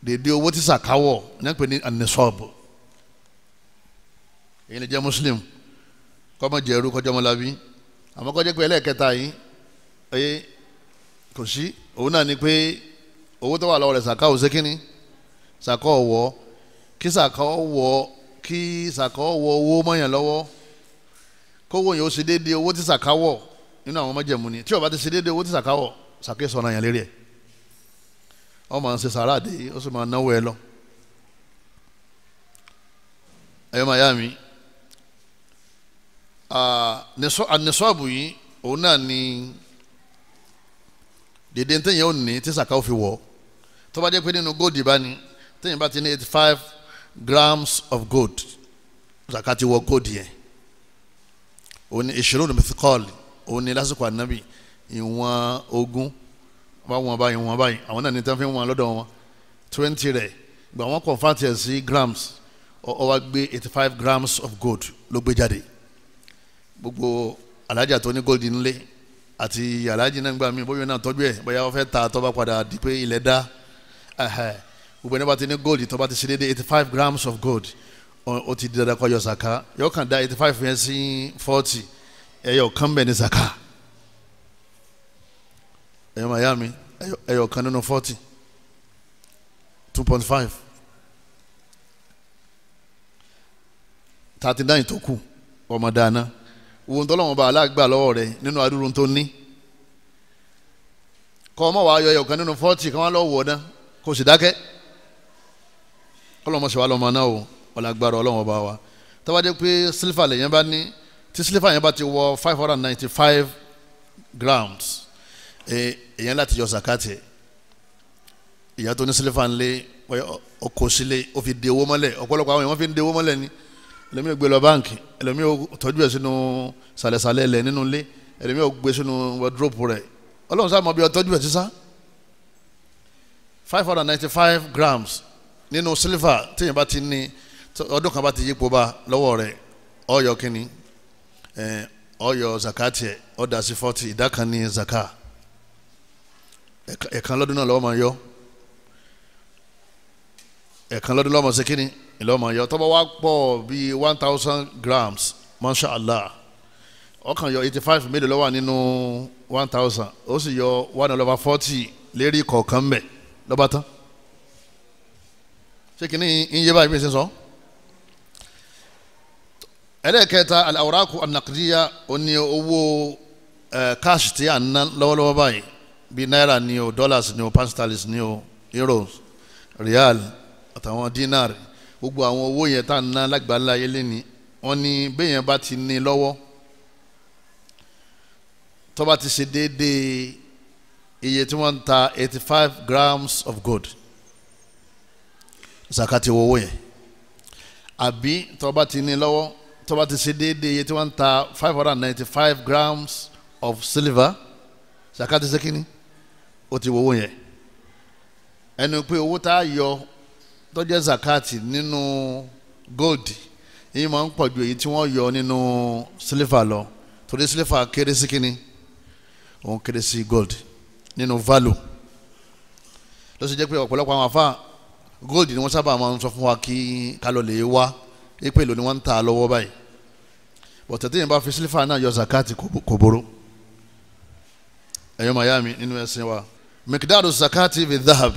dèdè owó tí ṣàkáwọ̀ ní pè ní nisab èyí lè jẹ́ muslim kó má jẹ́rú àmọ́ kó pé ẹlẹ́ẹ̀kẹta yìí kò sí òun náà ni pé owó tó wà lọ́wọ́ rẹ̀ sàká ò ṣe kínní sàká ọ̀wọ́ kí sàká ọ̀wọ́ kí sàká ọ̀wọ́ owó mọ̀yàn lọ́wọ́ kówó yẹn ó ṣe déédéé owó tí sàká wọ̀ nínú àwọn májẹ̀mú ni tí ó bá ti ṣe déédéé owó tí sàká wọ̀ sàká sọ̀rọ̀ yẹn lérí ẹ̀ ó máa ń ṣe sàrà ó sì máa náwó ẹ lọ. ẹ̀yọ́ màyá mi nisọ́ọ̀bù yìí òun náà ni dèdè téèyàn ò ní tí sàká ò fi wọ̀ tó bá jẹ́ pé nínú góòdì bá ní téèyàn bá ti ní eighty five grams of gold sàká ti wọ̀ góòdì yẹn òun ni ìṣòro mìtíkọ́ọ̀lì òun ni lásìkò ànábì ìwọ̀n ogún bá wọn báyìí wọn báyìí àwọn náà ní tán fi ń wọn lọ́dọ̀ wọn twenty rẹ̀ gbà wọ́n convert ẹ̀ sí grams ó wá gbé eighty five grams of gold ló gbé jáde gbogbo alájà tó ní gold nílé àti aláàjì náà gbà mí bóyá náà tọ́jú ẹ̀ bóyá wọ́n fẹ́ ta tọ́ba padà di pé ilẹ̀ dá gbogbo ẹni bá ti ní gold tọ́ba ti ṣe déédéé eighty five grams of gold ó ti di dandan kó yọ sàká yọ kàn dá eighty five yẹn sí forty ẹyọ kan bẹ̀ ní sàká ẹyọ màyà mi ẹyọ kan nínú forty two point five thirty nine tó kù ọmọ dáná wo ń tọ́lọ́wọ́n bá aláàgbà lọ́wọ́ rẹ nínú adúrú tó ní kọ́ ọmọ wàá yọ ẹ̀yọ̀kan nínú fọ́ọ̀tì kan wá lọ́wọ́ wọ̀ náà kó sì dákẹ́ kọ́lọ́mọ sì wá lọ́mọ náà o ọ̀làgbàrọ̀ ọlọ́wọ́n bá wa tọ́wádé pé sílífà lèyẹn bá ní tí sílífà yẹn bá ti wọ five hundred ninety five grams èyàn láti yọ zakati ìyá tó ní sílífà ńlé ọkọ̀ sílé ó fi de owó mọ́lẹ̀ ọ̀pọ̀lọpọ̀ àwọn èèyàn fi ń de owó mọ́lẹ̀ ni ẹlòmíì ò gbé lọ báǹkì ẹlòmíì ò tọ́jú ẹ̀ sínú sàlẹ̀sàlẹ̀ ẹlẹ̀ nínú ilé ẹlòmíì ò gbé sínú wọ́dúrópù rẹ̀ ọlọ́run sáà mọ̀ bí ó tọ́jú ẹ̀ sísá five hundred ninety five grams nínú silver téèyàn bá ti ní ọdún kan bá ti yípo bá lọ́wọ́ rẹ̀ ó yọ kínní ó yọ zakati ẹ̀ ó dá sí forty ìdá kan ní zaka ẹ̀kan lọ́dún náà lọ́wọ́ máa yọ ẹ̀kan lọ́dún lọ́mọ sekini ìlọ́mọ yọ tọ́ba wa pọ̀ bíi one thousand grams masha allah ọkàn yọ eighty five mélòó lọ́wọ́ nínú one thousand ó sì yọ one hundred over forty lérí kọ̀ọ̀kan mbẹ̀ lọ́ba tán ṣé kìíní iye báyìí bí ẹ ṣe sọ. ẹlẹ́ẹ̀kẹta al-awraqu ó ní owó cash tí à ń ná lọ́wọ́lọ́wọ́ báyìí bíi náírà ni o dollars ni o pound sterling ni o euros rial àtàwọn dínárì gbogbo àwọn owó yẹn tá à ń ná lágbàlá ayé lẹ́ni wọ́n ní béèyàn bá ti ní lọ́wọ́ tó ti ṣe déédéé iye tí wọ́n ń ta eighty five grams of gold zakati owó yẹn àbí tó bá ti ní lọ́wọ́ tó bá ti ṣe déédéé iye tí wọ́n ń ta five hundred ninety five grams of silver zakati ṣe kínní ó ti wọ́wọ́ yẹn ẹnu pé owó tá a yọ tó jẹ́ zakati nínú gold èyí máa ń pọ̀ ju èyí tí wọ́n yọ nínú sílífà lọ torí sílífà kéré sí kínní òun kéré sí gold nínú value ló sì jẹ́ pé ọ̀pọ̀lọpọ̀ àwọn afá gold ni wọ́n sábà máa ń sọ fún wa kí kálọ̀ lè wá ipe èlò ni wọ́n ń ta lọ́wọ́ báyìí bọ̀tẹ̀ tí yẹn bá fi sílífà náà yọ zakati kò boro ẹ̀yọ́ màyá mi nínú ẹ̀sìn wa mikdadu zakati bi dhahab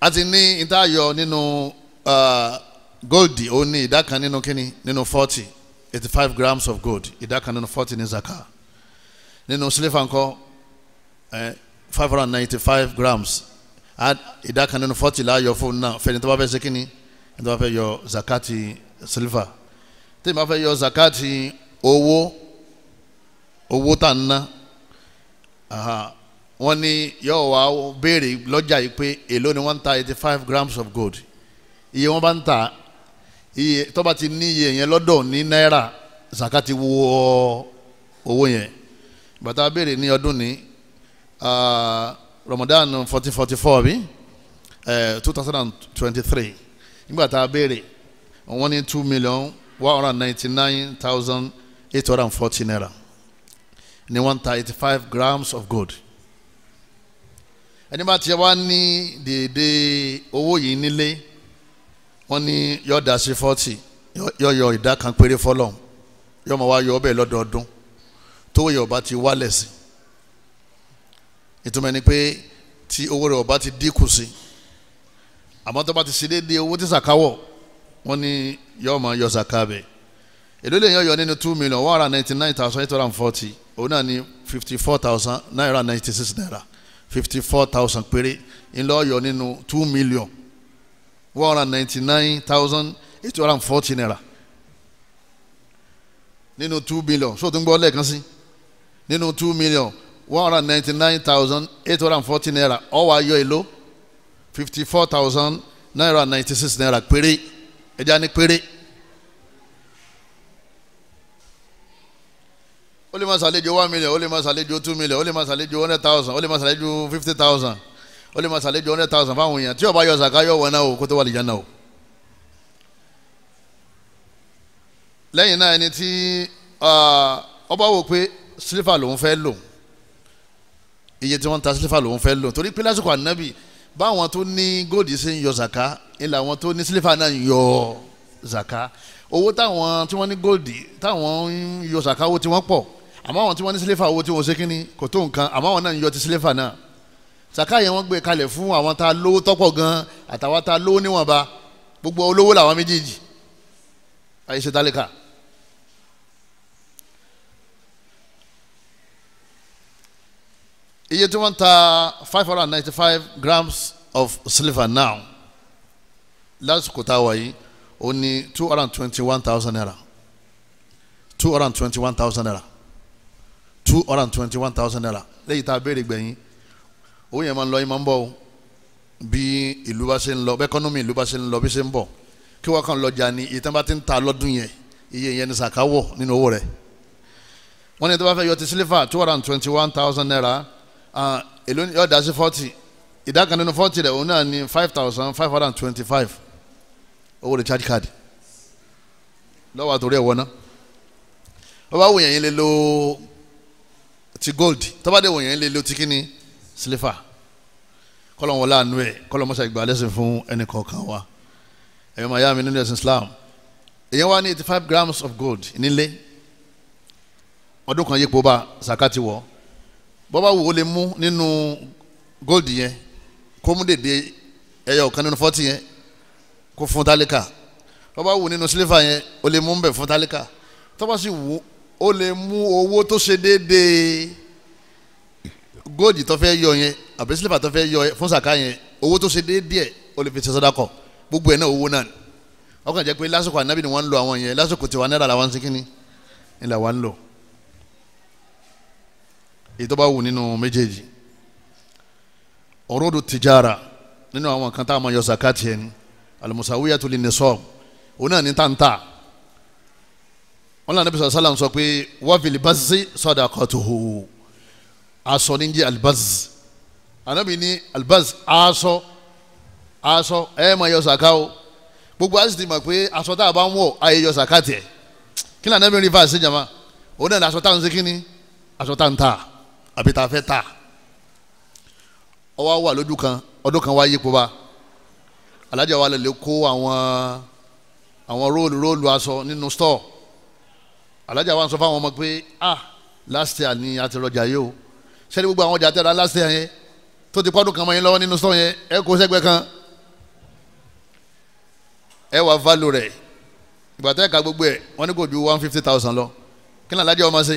a ti ní ìtayọ nínú uh, gold ó ní ìdá kan nínú kíni nínú forty eighty five grams of gold ìdá kan nínú forty ní zaka nínú silver ńkọ́ eh, five hundred ninety five grams ìdá kan nínú forty láàyò fún náà fẹ́ni tó bá fẹ́ ṣe kíni tó bá fẹ́ yọ zakati silver tí ìbá fẹ́ yọ zakati owó owó tá a ná wọ́n ní yóò wá béèrè lọ́jà yìí pé èló ni wọ́n ń ta eighty five grams of gold iye wọ́n bá ń ta iye tó bá ti ní iye yẹn lọ́dọ̀ ní náírà zaka ti wọ owó yẹn bàtà béèrè ní ọdún ní Ramadan forty forty four bí two thousand and twenty three nígbà tá a béèrè wọ́n ní two million one hundred ninety nine thousand eight hundred and forty naira ni wọ́n ta eighty five grams of gold ẹni bá tiẹ̀ wá ní dèédé owó yìí nílé wọ́n ní yóò da sí fọ́tì yóò yọ ìdá kan péré fọ́lọ́hún yóò máa wá yọ ọbẹ̀ lọ́dọọdún tówó yóò bá ti wálẹ̀ sí ìtumọ̀ ni pé tí owó rẹ̀ ọba ti dínkù sí àmọ́ tó bá ti ṣe déédé owó tí sàkáwọ̀ wọ́n ní yóò máa yọ sàkábẹ̀ èló lè yọ yọ nínú two million one hundred ninety nine thousand eight hundred and forty òun náà ní fifty four thousand nine hundred ninety six naira fifty four thousand péré ńlọ yọ nínú two million one hundred ninety nine thousand eight hundred and forty naira nínú two million so tó ń gbọ́ lẹ́ẹ̀kan sí nínú two million one hundred ninety nine thousand eight hundred and forty naira ó wá yọ èlò fifty four thousand nine hundred ninety six naira péré ẹja ní péré. ó lè máa ṣàlejò one million ó lè máa ṣàlejò two million ó lè máa ṣàlejò one hundred thousand ó lè máa ṣàlejò fifty thousand ó lè máa ṣàlejò one hundred thousand fáwọn èèyàn tí ó yọ zaka yọ wọn náà o kó tó wà lè jẹun náà o. lẹ́yìn náà ẹni tí ó bá wò pé sílífà lòun fẹ́ lò iye tí wọ́n ta sílífà lòun fẹ́ lò torí pé lásìkò ànábì báwọn tó ní góòdì ṣe ń yọ zaka ilà àwọn tó ní sílífà náà ń yọ zaka owó táwọn tí wọ́n ní góòdì táwọn ń yọ zaka owó tí wọ́n pọ̀ àmọ́ àwọn tí wọ́n ní sílẹ́fà owó tí wọ́n ṣe kínní kò tó nǹkan àmọ́ àwọn náà ń yọ ti sílẹ́fà náà sàká yẹn wọ́n gbé kalẹ̀ fún àwọn tá a lówó tọ́pọ̀ gan àtàwọn tá a lówó níwọ̀nba gbogbo olówó làwọn méjèèjì ayé ṣe tálíkà. iye tí wọ́n ta five hundred and ninety-five grams of silver now lásìkò tá a wà yìí ó ní two hundred and twenty-one thousand naira two hundred and twenty-one thousand naira two hundred and twenty one thousand naira lẹ́yìn tá a béèrè gbẹ̀yìn owó yẹn máa ń lọ yín máa ń bọ̀ o bí ìlú bá ṣe ń lọ bẹ́kọ́nọ́mì ìlú bá ṣe ń lọ bí ṣe ń bọ̀ kí wọ́n kàn lọ́jà ni iye tí wọ́n bá ti ń ta lọ́dún yẹn iye yẹn ni sàkáwọ̀ nínú owó rẹ̀ wọ́n ní tó bá fẹ́ yọ ti sílífà two hundred and twenty one thousand naira èló yóò dá sí forty ìdá kan nínú forty rẹ̀ òun náà ni five thousand five hundred and twenty five owó rẹ̀ charge card lọ́wọ́ àtòrí ẹ̀wọ̀ náà wọ́n bá wù ti gold tọ́bàdé wọ̀nyẹn lé ló ti kí ni sílífà kọ́lọ́n wọlé àánú ẹ̀ kọ́lọ́n mọ́sá ìgbà lẹ́sìn fún ẹnì kọ̀ọ̀kan wa ẹ̀yọ́ màá yá mi nínú ẹ̀sìn Islam èyàn wá ní eighty five grams of gold nílé ọdún kan yípo bá sàkátì wọ̀ bọ́bá wo lè mú nínú gold yẹn kó mú dèdè ẹyọ ọ̀kan nínú fọ́tì yẹn kó fún tálíkà tọ́ba wù nínú sílífà yẹn o lè mú bẹ̀ fún tálíkà tọ́ba sì wù o lè mú owó tó ṣe déédéé góòdì tó fẹ́ yọ yẹn àbí sílẹ̀fà tó fẹ́ yọ fún sàká yẹn owó tó ṣe déédéé o lè fi ṣe sọ́dá kọ̀ gbogbo ẹ̀ náà owó náà ó kàn jẹ́ pé lásìkò ànábì ni wọ́n ń lo àwọn yẹn lásìkò tiwa náírà làwọn ń sikini ni làwọn ń lò èyí tó bá wù nínú méjèèjì ọ̀rọ̀dù tìjára nínú àwọn kan tá a máa yọ sàká tiẹ̀ ni alimusawiyatu lin nisab ní tàǹtà wọn lànà bisọ sálàm sọ pé wàfìlì bazi sọdà kọtòhó aṣọ ní jẹ alibaz anabi ní alibaz aṣọ aṣọ ẹ máa yọ sàká o gbogbo a ti mọ̀ pé aṣọ tá a bá ń wọ̀ ayé yọ sàká tiẹ̀ kí ni anabi rí fàṣẹ jama òun náà aṣọ tá à ń ṣe kí ni aṣọ tá à ń ta àbí tá a fẹ́ ta ọwọ́ wà lójú kan ọdún kan wá yípo bá alájà wa lè lè kó àwọn àwọn róòlù róòlù aṣọ nínú stọọ alájà wa ń sọ fáwọn ọmọ pé ah last year ni a ti rọjà yìí o sẹ́ni gbogbo àwọn ọjà tẹ́ ra last year yẹn tó ti pọ́dún kan mọ́ yín lọ́wọ́ nínú sọ́ọ̀ yẹn ẹ kó sẹ́gbẹ́ kan ẹ wà value rẹ̀ ìgbà tẹ́ ka gbogbo ẹ̀ wọ́n ní kò ju one fifty thousand lọ kí ni alájà ọmọ ṣe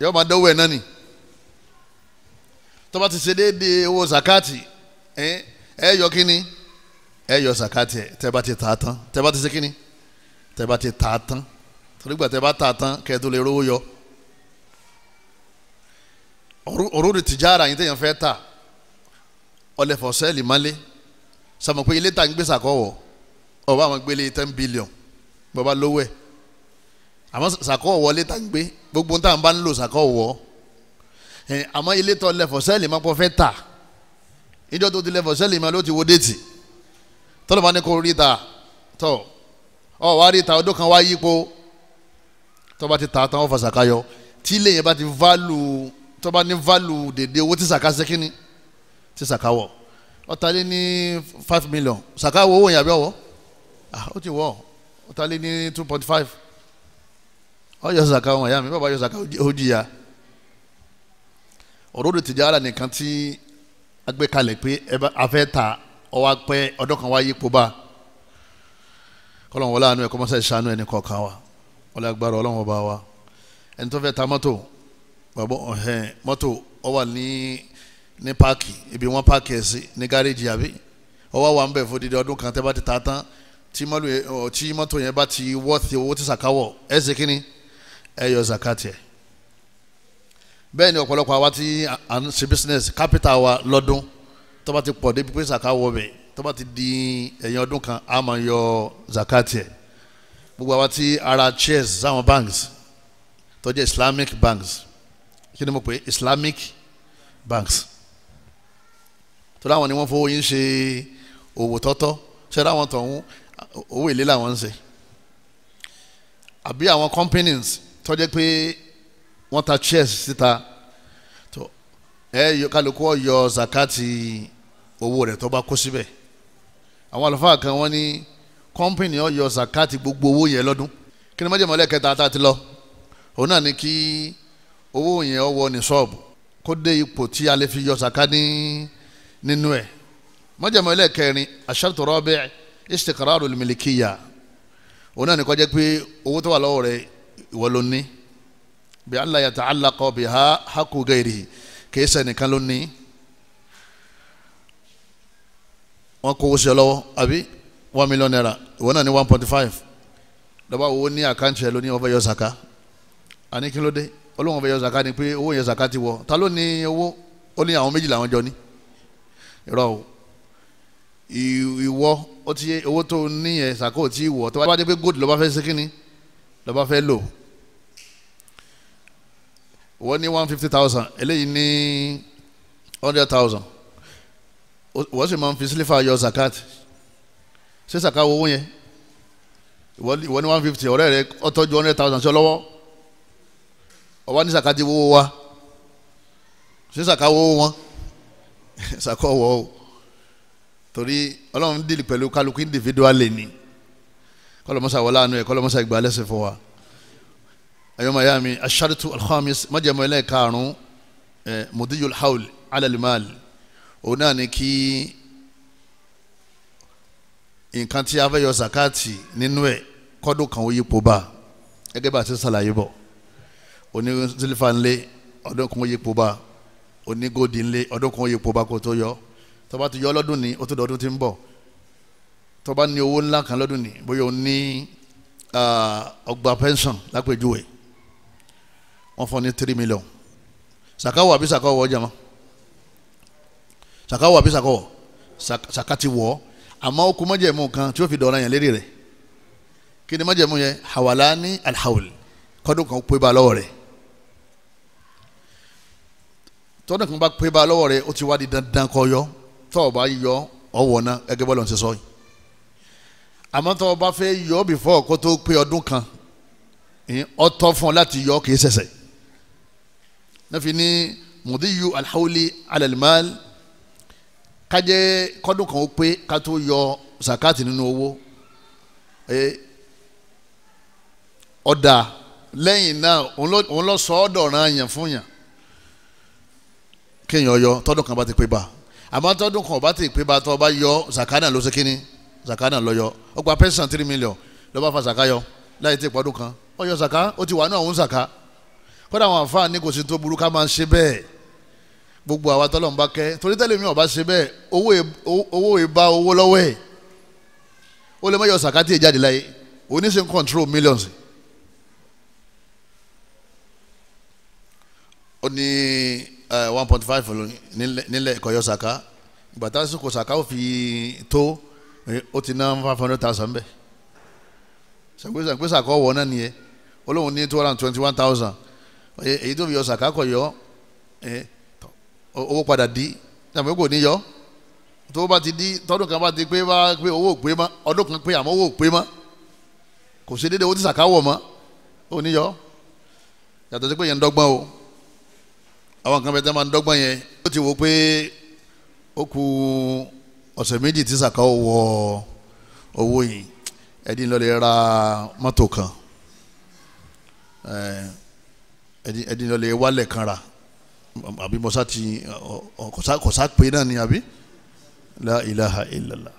yọ ọmọ dánwó ẹ̀ náà nì tó ti ṣe déédéé owó zakati ẹ yọ kí ni ẹ yọ zakati ẹ tẹ́ bá ti tà tán tẹ́ ti ṣe kí ni ti tà tán torí gbàtẹ́ bá ta tán kẹ́ẹ̀tọ́ lè rówó yọ òróòrò tìjára yín téèyàn fẹ́ ta ọlẹ́fọ̀ sẹ́ẹ̀lì málé sàmọ̀ pé ilé ta ń gbèsè àkọ́wọ̀ ọba àwọn gbélé ten billion bàbá lówó ẹ̀ àmọ́ sàkọ́wọ̀ wọlé ta ń gbé gbogbo ń tà ń bá ń lò sàkọ́wọ̀ ẹ̀ àmọ́ ilé tọ́ lẹ́fọ̀ sẹ́ẹ̀lì má pọ̀ fẹ́ ta ìjọ tó ti lẹ́fọ̀ sẹ́ẹ̀lì má ló ti wo déètì tọ́lọ́ bá ní kó rí ta tọ́ ọ wá rí ta ọdún kan wá yípo tó bá ti ta tán ó fa sàká yọ tí ilé yẹn bá ti válù tó bá ní válù dèdè owó tí sàká ṣe kínní tí sàká lé ní five million sàká wo owó yẹn àbí ọ̀wọ́ ó ti wọ̀ ọ̀tá lé ní two point five ó yọ sàká ọmọ ìyá mi bàbá yọ sàká ó jìyà òróde tìjára nìkan tí agbékalẹ̀ pé afẹ́ ta ọwọ́ apẹ́ ọdún kan wáyé kó bá kọ́lọ́n wọlé àánú ẹ̀ kọ́mọ́sá ìṣàánú ẹni kọ̀ọ̀kan wa ọlọ́ agbára ọlọ́run ọba wa ẹni tó fẹ́ ta mọ́tò bàbá ọ̀hẹ́n mọ́tò ọ wà ní ní páàkì ibi wọ́n páàkì ẹ̀ sí ní gáréjì àbí ọ wá wà ń bẹ̀ fún dídí ọdún kan tẹ́ bá ti ta tán tí mọ́tò yẹn bá ti wọ́ọ̀tì owó tí sàkáwọ̀ ẹ̀ ṣe kínní ẹ̀ yọ zakati ẹ̀ bẹ́ẹ̀ ni ọ̀pọ̀lọpọ̀ àwa tí ṣe business capital wa lọ́dún tó bá ti pọ̀ débi pé sàkáwọ̀ bẹ̀ tó bá ti di ẹ̀yìn ọdún kan a máa yọ zakati ẹ̀ gbogbo àwa tí ara chairs sáwọn banks tó islamic banks kí ni mo pè islamic banks tó láwọn ni wọ́n fowó yín ṣe òwò tọ́tọ́ ṣe láwọn tọ̀hún owó èlé làwọn ń ṣe àbí àwọn companies tó jẹ́ pé wọ́n ta chairs síta tó ẹ yọ kálukú ọ̀yọ́ zakati owó rẹ̀ tó bá kó síbẹ̀ àwọn àlùfáà kan wọ́n ní kọ́ńpìnì ó yọ zakati gbogbo owó yẹn lọ́dún kí ni májèmọ́ lẹ́kẹta tá a ti lọ òun náà ni kí owó yẹn ó wọ ní ṣọ́ọ̀bù kó dé ipò tí a lè fi yọ zakati nínú ẹ̀ májèmọ́ lẹ́kẹrin aṣáàtò rọ́bẹ̀ istiqrarul milikiya òun náà ni kó pé owó tó wà lọ́wọ́ rẹ̀ ìwọ ló ní bí Allah yata'allaqa biha haqqu ghairihi kìí sẹ́nìkan ló ní wọ́n kó owó sí ọ lọ́wọ́ àbí one million naira ìwọ náà ní one point five lọ́ba owó ní àkáǹtì ẹ̀ ló ní ọ̀fẹ́ yọ zaka àní kí ló dé olóhùn ọ̀fẹ́ yọ zaka ni pé owó yẹn zaka ti wọ ta ló ní owó ó ní àwọn méjì làwọn jọ ní irọ́ o ìwọ ó ti owó tó ní yẹn zaka ò tí ì wọ̀ tó bá dé pé gold lọ́ba fẹ́ ṣe kínní lọ́ba fẹ́ lò wọ́n ní one fifty thousand eléyìí ní hundred thousand wọ́n sì máa ń fi sílífà yọ zakat ṣé sàkáwọ owó yẹn ìwọ ní one fifty ọ̀rẹ́ rẹ ọtọ́jú hundred thousand sí ọ lọ́wọ́ ọwọ́ ní sàkájí owó wa ṣé sàkáwọ owó wọn sàkáwọ [LAUGHS] o torí ọlọ́run dìlì pẹ̀lú kálukú individually ni kọlọmọsá wọlé àánú ẹ kọlọmọsá ìgbà lẹsẹ fún wa ayọmọ ayá mi aṣáàtú alhamis májèmọ ẹlẹ́ẹ̀karùn-ún eh, mudiyul hawl alalmal òun náà ni kí nǹkan tí a fẹ́ yọ zakati nínú ẹ̀ kọ́dún kan ó yípo bá gẹ́gẹ́ bá a ti ṣàlàyé bọ̀ oní sílífà ńlẹ̀ ọdún kan ó yípo bá oní góòdì ńlẹ̀ ọdún kan ó yípo bá kó tó yọ tó ti yọ lọ́dún ní ó tó dọ̀ọ́dún tí ń bọ̀ tó ní owó ńlá kan lọ́dún ní bóyá o ní ọgbà pension lápèjúwe wọ́n fọ́ ní three million sàkáwọ̀ àbí sàkáwọ̀ ọjà mọ́ sàkáwọ̀ àbí sàkáwọ̀ sàkátì wọ̀ ọ́ àmọ́ ó kú mọ́jẹ̀mú kan tí ó fi dọ̀ràn yẹn lérí rẹ̀ kí ni mọ́jẹ̀mú yẹn hawala ní alhawul kọ́dún kan pé ba lọ́wọ́ rẹ̀ tọ́dún kan bá pé ba lọ́wọ́ rẹ̀ ó ti wá di dandan kọ́ yọ tọ́ ọ bá yọ ọwọ́ náà ẹgẹ́ bọ́lá ń sọ yìí àmọ́ tọ́ ọ bá fẹ́ yọ bìfọ́ kó tó pé ọdún kan ọtọ́ fún ọ láti yọ kì í ṣẹ̀ṣẹ̀ náà fi ní mùdíyù alhawli alalimal. Al kájẹ́ kọ́dún kan ó pé ká tó yọ zakati nínú owó ọ̀dà lẹ́yìn náà òun lọ sọ ọ́ dọ̀ràn yẹn fún yàn kéèyàn yọ tọ́dún kan bá ti pé bá àmọ́ tọ́dún kan bá ti pé bá tọ́ bá yọ zakana ló ṣe kínní zakana lọ yọ ó gba pẹ́sàn tírí mílíọ̀n ló bá fa zaka yọ láì tí ì pọ́dún kan ó yọ zaka ó ti wà náà òun zaka kódà àwọn àǹfààní kò sí tó burú ká máa ṣe bẹ́ẹ̀ gbogbo àwa tọ́lọ̀ ń bá kẹ́ torí tẹ́lẹ̀ mi ò bá ṣe bẹ́ẹ̀ owó ìbá owó lọ́wọ́ ẹ̀ ó lè má sàkátì ẹ̀ láyé oníṣe control millions. ó ní one point five nílẹ̀ ẹ̀kọ́ yọ sàká ìgbà tá a sì kò sàká ó fi tó ó ti ná five hundred thousand bẹ́ẹ̀ ṣàgbéṣà wọ̀ náà nìyẹn ó ní two hundred and twenty one thousand èyí tó fi yọ sàká kọ̀ ẹ̀ owó padà dí tàbí kò ní yọ tó bá ti dí tọdún kan bá ti pé bá pé owó pé mọ́ ọdún kan pé àmọ́ owó pé mọ́ kò sí déédéé owó tí sàkáwọ̀ mọ́ ò ní yọ yàtọ̀ sí pé yẹn ń dọ́gbọ́n o àwọn kan bẹ tẹ́ máa ń dọ́gbọ́n yẹn ó ti wò pé ó ku ọ̀sẹ̀ méjì tí sàkáwọ̀ wọ owó yìí ẹdí ń lọ lè ra mọ́tò kan ẹdí ń lọ wálẹ̀ kan rà àbí mọ́sá ti kọ̀sá pé náà ni àbí la ilaha illallah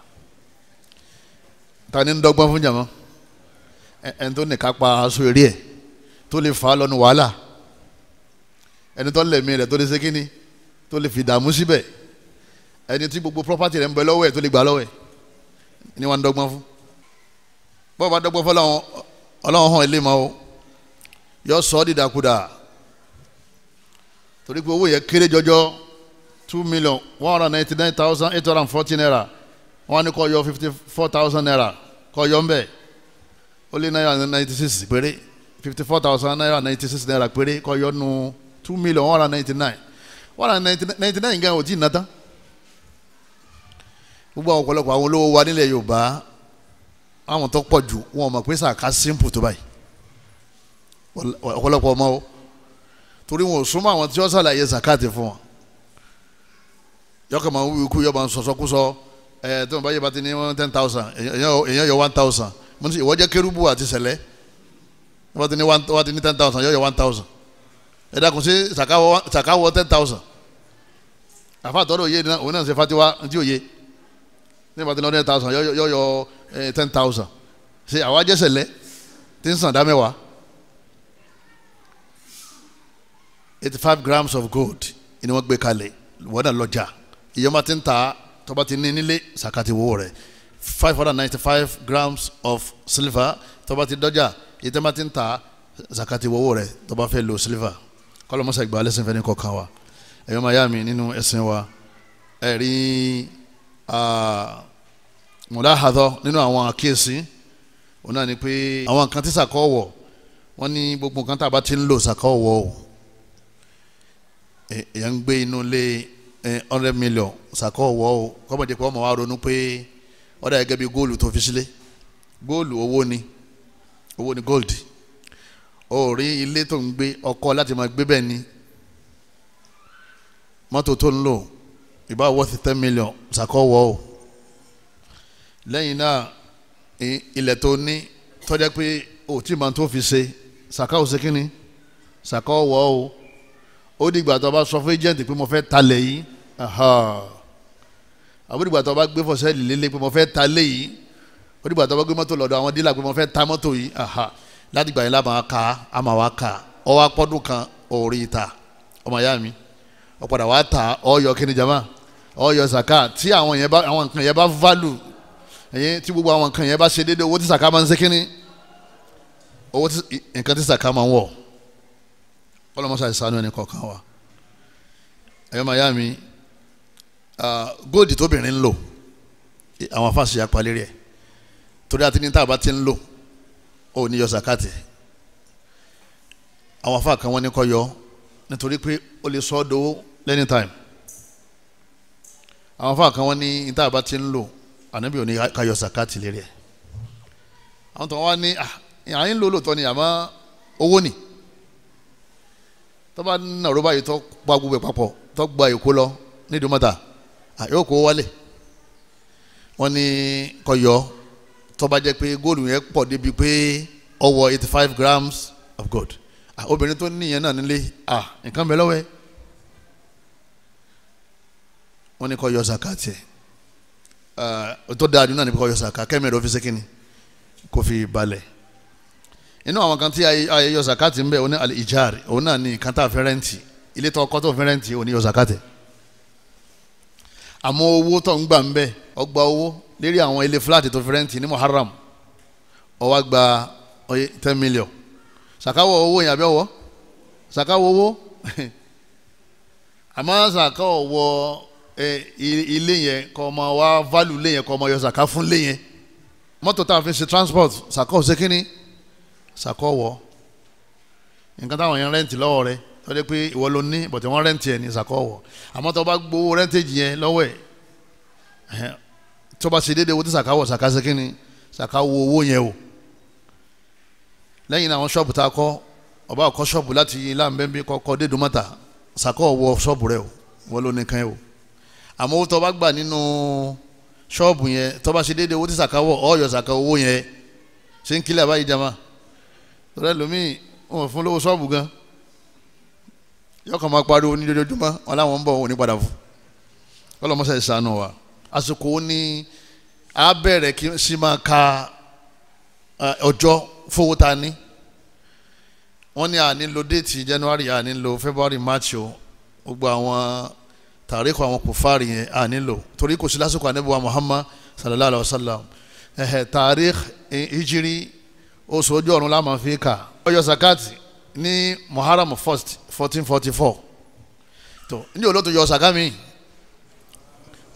ta ni ń dọ́gbọ́n fún jàmọ́ ẹni tó nìka pa aṣọ eré ẹ̀ tó lè fa lọ́nu wàhálà ẹni tó lẹ̀mí rẹ̀ tó lè ṣe kíni tó lè fi dààmú síbẹ̀ ẹni tí gbogbo property rẹ̀ ń bẹ lọ́wọ́ ẹ̀ tó lè gbà lọ́wọ́ ẹ̀ ni wọ́n ń dọ́gbọ́n fún bọ́ọ̀ bá dọ́gbọ́n fún ọlọ́run ọlọ́run hàn ilé ma o yọ sọ ọ́ dìdàkudà torí pé owó yẹn kéré jọjọ two million one hundred ninety nine thousand eight hundred and forty naira wọ́n ní kó yọ fifty four thousand naira kó yọ ńbẹ̀ ó lé náírà ninety six péré fifty four thousand naira ninety six naira péré kó yọ nu two million one hundred ninety nine one hundred ninety nine gan ò tí ì ná tán gbogbo àwọn ọ̀pọ̀lọpọ̀ àwọn olówó wa nílẹ̀ Yorùbá àwọn tó pọ̀ jù wọn ò mọ̀ pé sàkà simple tó báyìí ọ̀pọ̀lọpọ̀ ọmọ o torí wọn ò súnmọ́ àwọn tí wọ́n ṣàlàyé zakati fún wọn yọkọ̀ máa ń wí ikú yọba sọ̀sọ́kúsọ ẹ̀ tí wọ́n bá yẹ bá ti ní one ten thousand èèyàn yọ one thousand mo ti ìwọ́jẹ́ kérúbù àti sẹ̀lẹ̀ wọ́n bá ti ní one wọ́n ti ní ten thousand yọ yọ one thousand ẹ̀ dàkún sí sàkáwọ́ ten thousand àfa àtọ́rọ̀ òye ni òun náà ṣe fatiwa ti òye ní ìbátan ní one ten thousand yọ yọ ten thousand ṣe àwa jẹ́ sẹ̀lẹ̀ ń sàn dá eighty five grams of gold ni wọ́n gbé kalẹ̀ wọ́n náà lọ́jà ti ń ta tó bá ti ní nílé sàkàtì wo rẹ̀ five hundred ninety five grams of silver tó bá ti dọ́jà ìyẹn ti ń ta sàkàtì wo rẹ̀ tó bá lo silver kọ́lọ́ mọ́sá ìgbà lẹ́sìn fẹ́ ní kọ̀ọ̀kan wa ẹ̀yọ́ máa yá mi nínú ẹ̀sìn wa ẹ̀rí mùláhàdọ́ nínú àwọn àkíyèsí òun náà ni pé àwọn nǹkan tí sàkọ́ wọ̀ wọ́n ní gbogbo nǹkan tá a bá ti ń lò sàkọ́ wọ̀ o Eh, èèyàn ń gbé inú lé eh, hundred million sàkó ọ̀wọ́ o kọ́mọ̀dé pé ọmọ wa ronú pé ọ̀dà gẹ́gẹ́ bí góòlù tó fi sílé góòlù owó ni owó ni gold o rí ilé tó ń gbé ọkọ láti máa gbé bẹ́ẹ̀ ni mọ́tò tó ń lò ìbá worth ten million sàkó ọ̀wọ́ o lẹ́yìn náà ilẹ̀ tó ní tọ́jà pé òtí màá tó fi ṣe sàkó ò ṣe kínni ọ̀wọ́ o ó dìgbà tó bá sọ fún agent pé mo fẹ́ talẹ̀ yìí àbó dìgbà tó bá gbé fọ̀sẹ́ẹ̀lì lélẹ̀ pé mo fẹ́ talẹ̀ yìí ó dìgbà tó bá gbé mọ́tò lọ́dọ̀ àwọn dílà pé mo fẹ́ ta mọ́tò yìí láti gbà yín lábàá wa ka a máa ọ wá pọ́dún kan òòrì ìta ọmọ ìyá mi ọ padà wá ta ọyọ kíni jama ọyọ saka tí àwọn yẹn bá àwọn nǹkan yẹn bá value ẹ̀yìn tí gbogbo àwọn nǹkan yẹn bá ṣe déédéé owó tí saka máa ń ṣe kíni owó tí nǹkan tí saka máa ń wọ̀ kọ́lọ́mọ́sá ìsánú ẹni kọ̀ọ̀kan wa ẹ̀yọ́ màá yá mi góòdì tóbìnrin ń lò àwọn afáṣe apalẹ́rẹ́ ẹ̀ torí àti ní táàbà ti ń lò ó ní yọ sàkátì àwọn afá kan wọ́n ní kọ́ yọ nítorí pé ó lè sọ ọ́ dowó lẹ́ni time àwọn afá kan wọ́n ní ní táàbà ti ń lò ànábì ò ní ká yọ sàkátì lérè ẹ̀ àwọn tó wá ní à ń lò lóòótọ́ ni àmọ́ owó nìí tọ́ba nàró báyìí tọ́ pa gbogbo ẹ̀ papọ̀ tọ́ gba èkó lọ nídìí mọ́ta yóò kó wálé wọ́n ní kọyọ tọ́ba jẹ́ pé góòlù yẹn pọ̀ débi pé ọwọ́ eighty five grams of gold obìnrin tó níyẹn náà nílé nǹkan bẹ lọ́wọ́ ẹ̀ wọ́n ní kọyọ zakati ẹ̀ tó dáa jù náà ní kọyọ zakati kẹ́mi rẹ̀ fi ṣe kínni kó fi balẹ̀ inú àwọn kan tí ayẹyẹ zakati ń bẹ òun ní alijari òun náà ní nǹkan tá a fẹ́ rẹ́ǹtì ilé tó ọkọ tó fẹ́ rẹ́ǹtì òun ní yọ zakati àmọ́ owó tó ń gbà ń bẹ ọgbà owó lérí àwọn ilé fúláàtì tó fẹ́ ní muharram ó wá gba ten million sàkáwọ owó yẹn àbẹ́wọ́ sàkáwọ owó [LAUGHS] àmọ́ sàkáwọ wọ ilé yẹn kọ́ ọmọ wa value ilé yẹn kọ́ ọmọ yọ sàká fún ilé yẹn mọ́tò tá a fi ṣe transport sàkáwọ ṣe kínní sàkọ́wọ́ nǹkan táwọn yẹn rẹ́ǹtì lọ́wọ́ rẹ tó dé pé ìwọ ló ní bọ̀tẹ̀ wọ́n rẹ́ǹtì ẹ̀ ní sàkọ́wọ́ àmọ́ tó bá gbowó rẹ́ǹtèjì yẹn lọ́wọ́ ẹ̀ tó bá ṣe déédéé owó tí sàkáwọ̀ sàkásẹ́ kínni sàkáwọ̀ owó yẹn o lẹ́yìn àwọn ṣọ́ọ̀bù tá a kọ́ ọba ọkọ ṣọ́ọ̀bù láti ilá mbẹ́mbẹ́ kọ́kọ́ dédùmọ́ta sàkọ́wọ̀ ṣọ́ọ̀bù rẹ o wọ́n ló nìkan o àmọ́ owó tó bá gbà nínú ṣọ́ọ̀bù yẹn tó bá ṣe déédéé owó tí sàkáwọ̀ ọ̀ọ́yọ̀ sàkáwọ̀ owó yẹn ṣé ń jama tọ́lá lómìn wọn fún lówó ṣọ́ọ̀bù gan yọkàn máa pariwo ní dojoojúmọ́ wọn láwọn ń bọ̀ wọn ò ní padà fún kọ́lọ́mọṣẹ́ ìsànù wa àsìkò ní abẹ́rẹ́ kí sì máa ka ọjọ́ fowó ta ní wọ́n ní àní lo déètì January àní lo February March o gbogbo àwọn tàríkù àwọn kòfàrí yẹn àní lò torí kò sí lásìkò àníbùwà Muhammad sallallahu alayhi wa sallam tàríkù ìjírí oṣù ojú ọ̀run la máa fi kà ọyọ zakati ní muharram first fourteen forty four tó ní olóòtú yọ zaka mi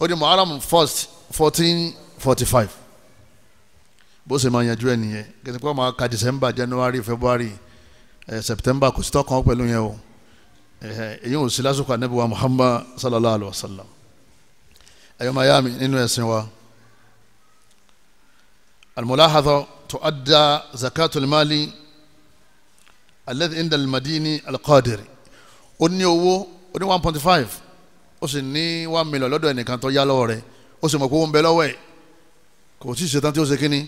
ó di muharram first fourteen forty five bó ṣe máa yanjú ẹ nìyẹn kìí kó máa ka december january february eh, september kò sí tọkàn pẹ̀lú yẹn o èyí ò sí lásìkò ànábì wa muhammad sallallahu alayhi wa sallam ẹ̀yọ́ mayami nínú ẹ̀sìn wa almulahadha. تؤدى زكاة المال الذي عند المديني القادر ó ní owó ó ní one point five ó sì ní one million lọ́dọ̀ ẹnìkan tó yá lọ́wọ́ rẹ̀ ó sì mọ̀ pé owó ń bẹ lọ́wọ́ ẹ̀ kò tí ì ṣetán tí ó ṣe kínní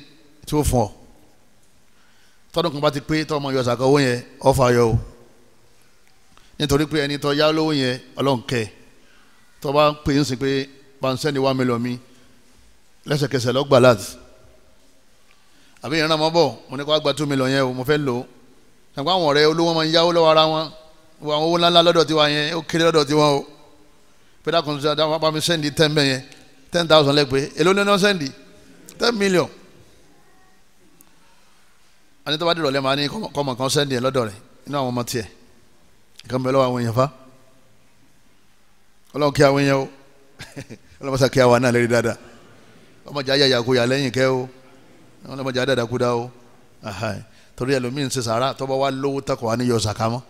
tí ó fún ọ tọ́dún kan bá ti pé tọ́ ọmọ yọ ṣàkọ owó yẹn ọ̀fà yọ o nítorí pé ẹni tó yá lówó yẹn ọlọ́run kẹ́ tó bá ń pè é ń sìn pé pàǹsẹ́ ni one million mi lẹ́sẹ̀kẹsẹ̀ lọ́gbàlá àbí ìran mọ́ bọ̀ mo ní kó àgbà two million yẹn o mo fẹ́ lò ó ṣàǹkó àwọn ọ̀rẹ́ olówó máa ń yáwó lọ́wọ́ ara wọn wo àwọn owó ńláńlá lọ́dọ̀ tiwa yẹn ó kéré lọ́dọ̀ tiwọn o peter kuntu adam wàá bá mi sẹ́ndì ten bẹ́ẹ̀ yẹn ten thousand lẹ́gbẹ̀ẹ́ èló ni wọ́n sẹ́ndì ten million àní tó bá dìrọ̀lẹ́ máa ní kọ́mọ̀ kan sẹ́ndì yẹn lọ́dọ̀ rẹ̀ inú àwọn ọmọ tiẹ̀ nǹkan bẹ́ẹ̀ lọ́wọ́ àwọn èèyàn fa ọlọ́run kí àwọn [LAUGHS] ọmọ wọn lọ́mọdé adádàkúdá o torí ẹlòmíín ṣe sàárà tọ́ba wa lówó takọ̀ wá níyọ̀ ṣàkà mọ́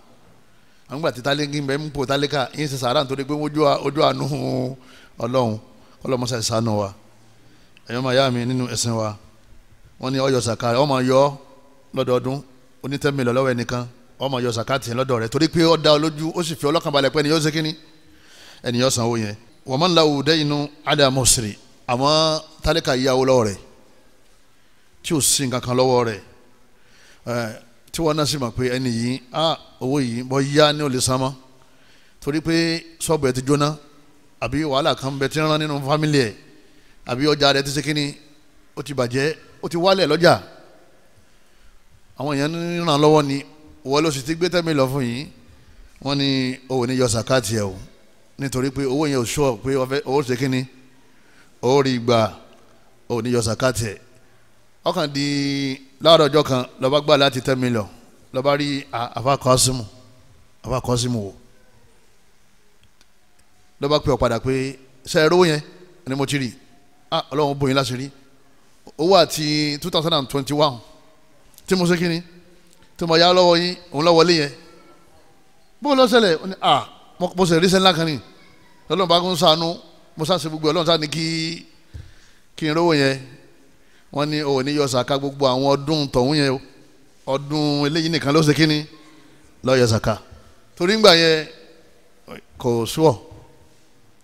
àwọn gbà tí tálékì ń bẹ ń pò tálékà yín ṣe sàárà nítorí pé ojú àánú ọlọ́run ọlọ́mọṣà ìsànú wa ẹ̀yọ́ máa yá mi nínú ẹ̀sìn wa wọ́n ní ọyọ̀ ṣàkà ọmọ yọ lọ́dọọdún onítẹ̀mí lọ́wọ́ ẹnìkan ọmọ yọ ṣàkà tì lọ́dọ̀ rẹ̀ torí pé ó dá olójú ó sì fi ọlọ́kàn balẹ̀ pé ẹnìyọ́ ṣe tí ò sí nǹkan kan lọ́wọ́ rẹ̀ tí wọ́n náà sì mọ̀ pé ẹni yìí á owó yìí bọ́ yá ni ò lè san mọ́ torí pé ṣọ́ọ̀bù ẹ̀ ti jóná àbí wàhálà kan bẹ ti rán nínú fámìlì ẹ̀ àbí ọjà rẹ̀ ti ṣe kínní ó ti bàjẹ́ ó ti wálẹ̀ lọ́jà àwọn èèyàn ń ràn lọ́wọ́ ni wọ́n ló sì ti gbé tẹ́mi lọ fún yìí wọ́n ní owó ní yọ sàkáàtì ẹ̀ o nítorí pé owó yẹn ò ṣọ́ pé owó ṣe kínní ó rí gbà owó ní yọ sàkáàtì ẹ̀ ọkàn di láàárọ̀ ọjọ́ kan lọ́ba gbà láti ten million lọ́ba rí àfa kọ́símù àfa kọ́símù wò lọ́ba pè ọ́ padà pé ṣe é rówó yẹn ni mo ti rí ah ọlọ́run bóyin láti rí owó àti two thousand and twenty one tí mo ṣe kí ni tí mo yá lọ́wọ́ yín òun lọ́wọ́ lé yẹn bó lọ ṣẹlẹ̀ ó ní ah mo ṣe rí sẹ́ńlá kan ni lọ́lọ́run bá ń sànú mo sá ṣe gbogbo ọlọ́run sá kí kí n rówó yẹn wọ́n ní òní yọ sàká gbogbo àwọn ọdún tọ̀hún yẹn ọdún eléyìí nìkan ló ṣe kíní ló yọ sàká torí ngbà yẹn kò sùọ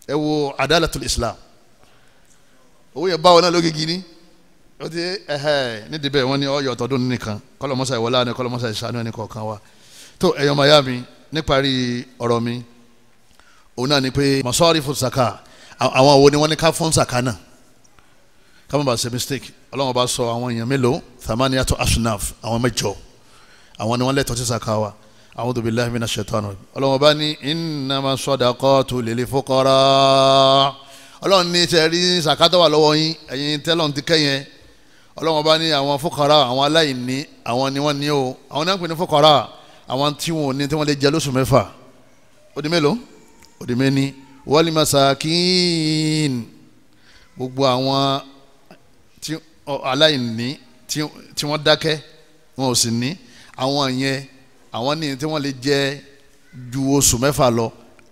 ẹ wo adalatul islam owó yẹn báwọn náà lógigi ni ó ti ẹhẹ nídìí bẹ́ẹ̀ wọ́n ní ọyọ ọtọdún nìkan kọlọmọsà ìwọlá ni kọlọmọsà ìsànú ẹni kọ̀ọ̀kan wa tó ẹyọ maya mi níparí ọ̀rọ̀ mi òun náà ni pé masọ́ọ́rì fún sàká àwọn wo ni wọ́n ní ká fún sàká náà ká ṣe mistake ọlọ́run bá sọ àwọn èèyàn mélòó thamaniyato ashnaf àwọn mẹ́jọ àwọn ni wọ́n lẹ́tọ̀ọ́ sí sàkà wa a'udhu billahi minash shaitani ọlọ́run bá ní innama sadaqatu lil fuqara ọlọ́run ní tẹ́ rí sàkátọ́ wà lọ́wọ́ yín ẹ̀yin tẹ́lọ̀n ti kẹ́yẹn ọlọ́run bá ní àwọn fuqara àwọn aláìní àwọn ni wọ́n ní o àwọn náà ń pè ní fuqara àwọn tí wọn ò ní tí wọ́n lè jẹ lóṣù mẹ́fà ó di mélòó ó di mẹ́ni wal masakin gbogbo àwọn aláìní tí wọ́n dákẹ́ wọn ò sì ní àwọn yẹn àwọn ní tí wọ́n lè jẹ ju oṣù mẹ́fà lọ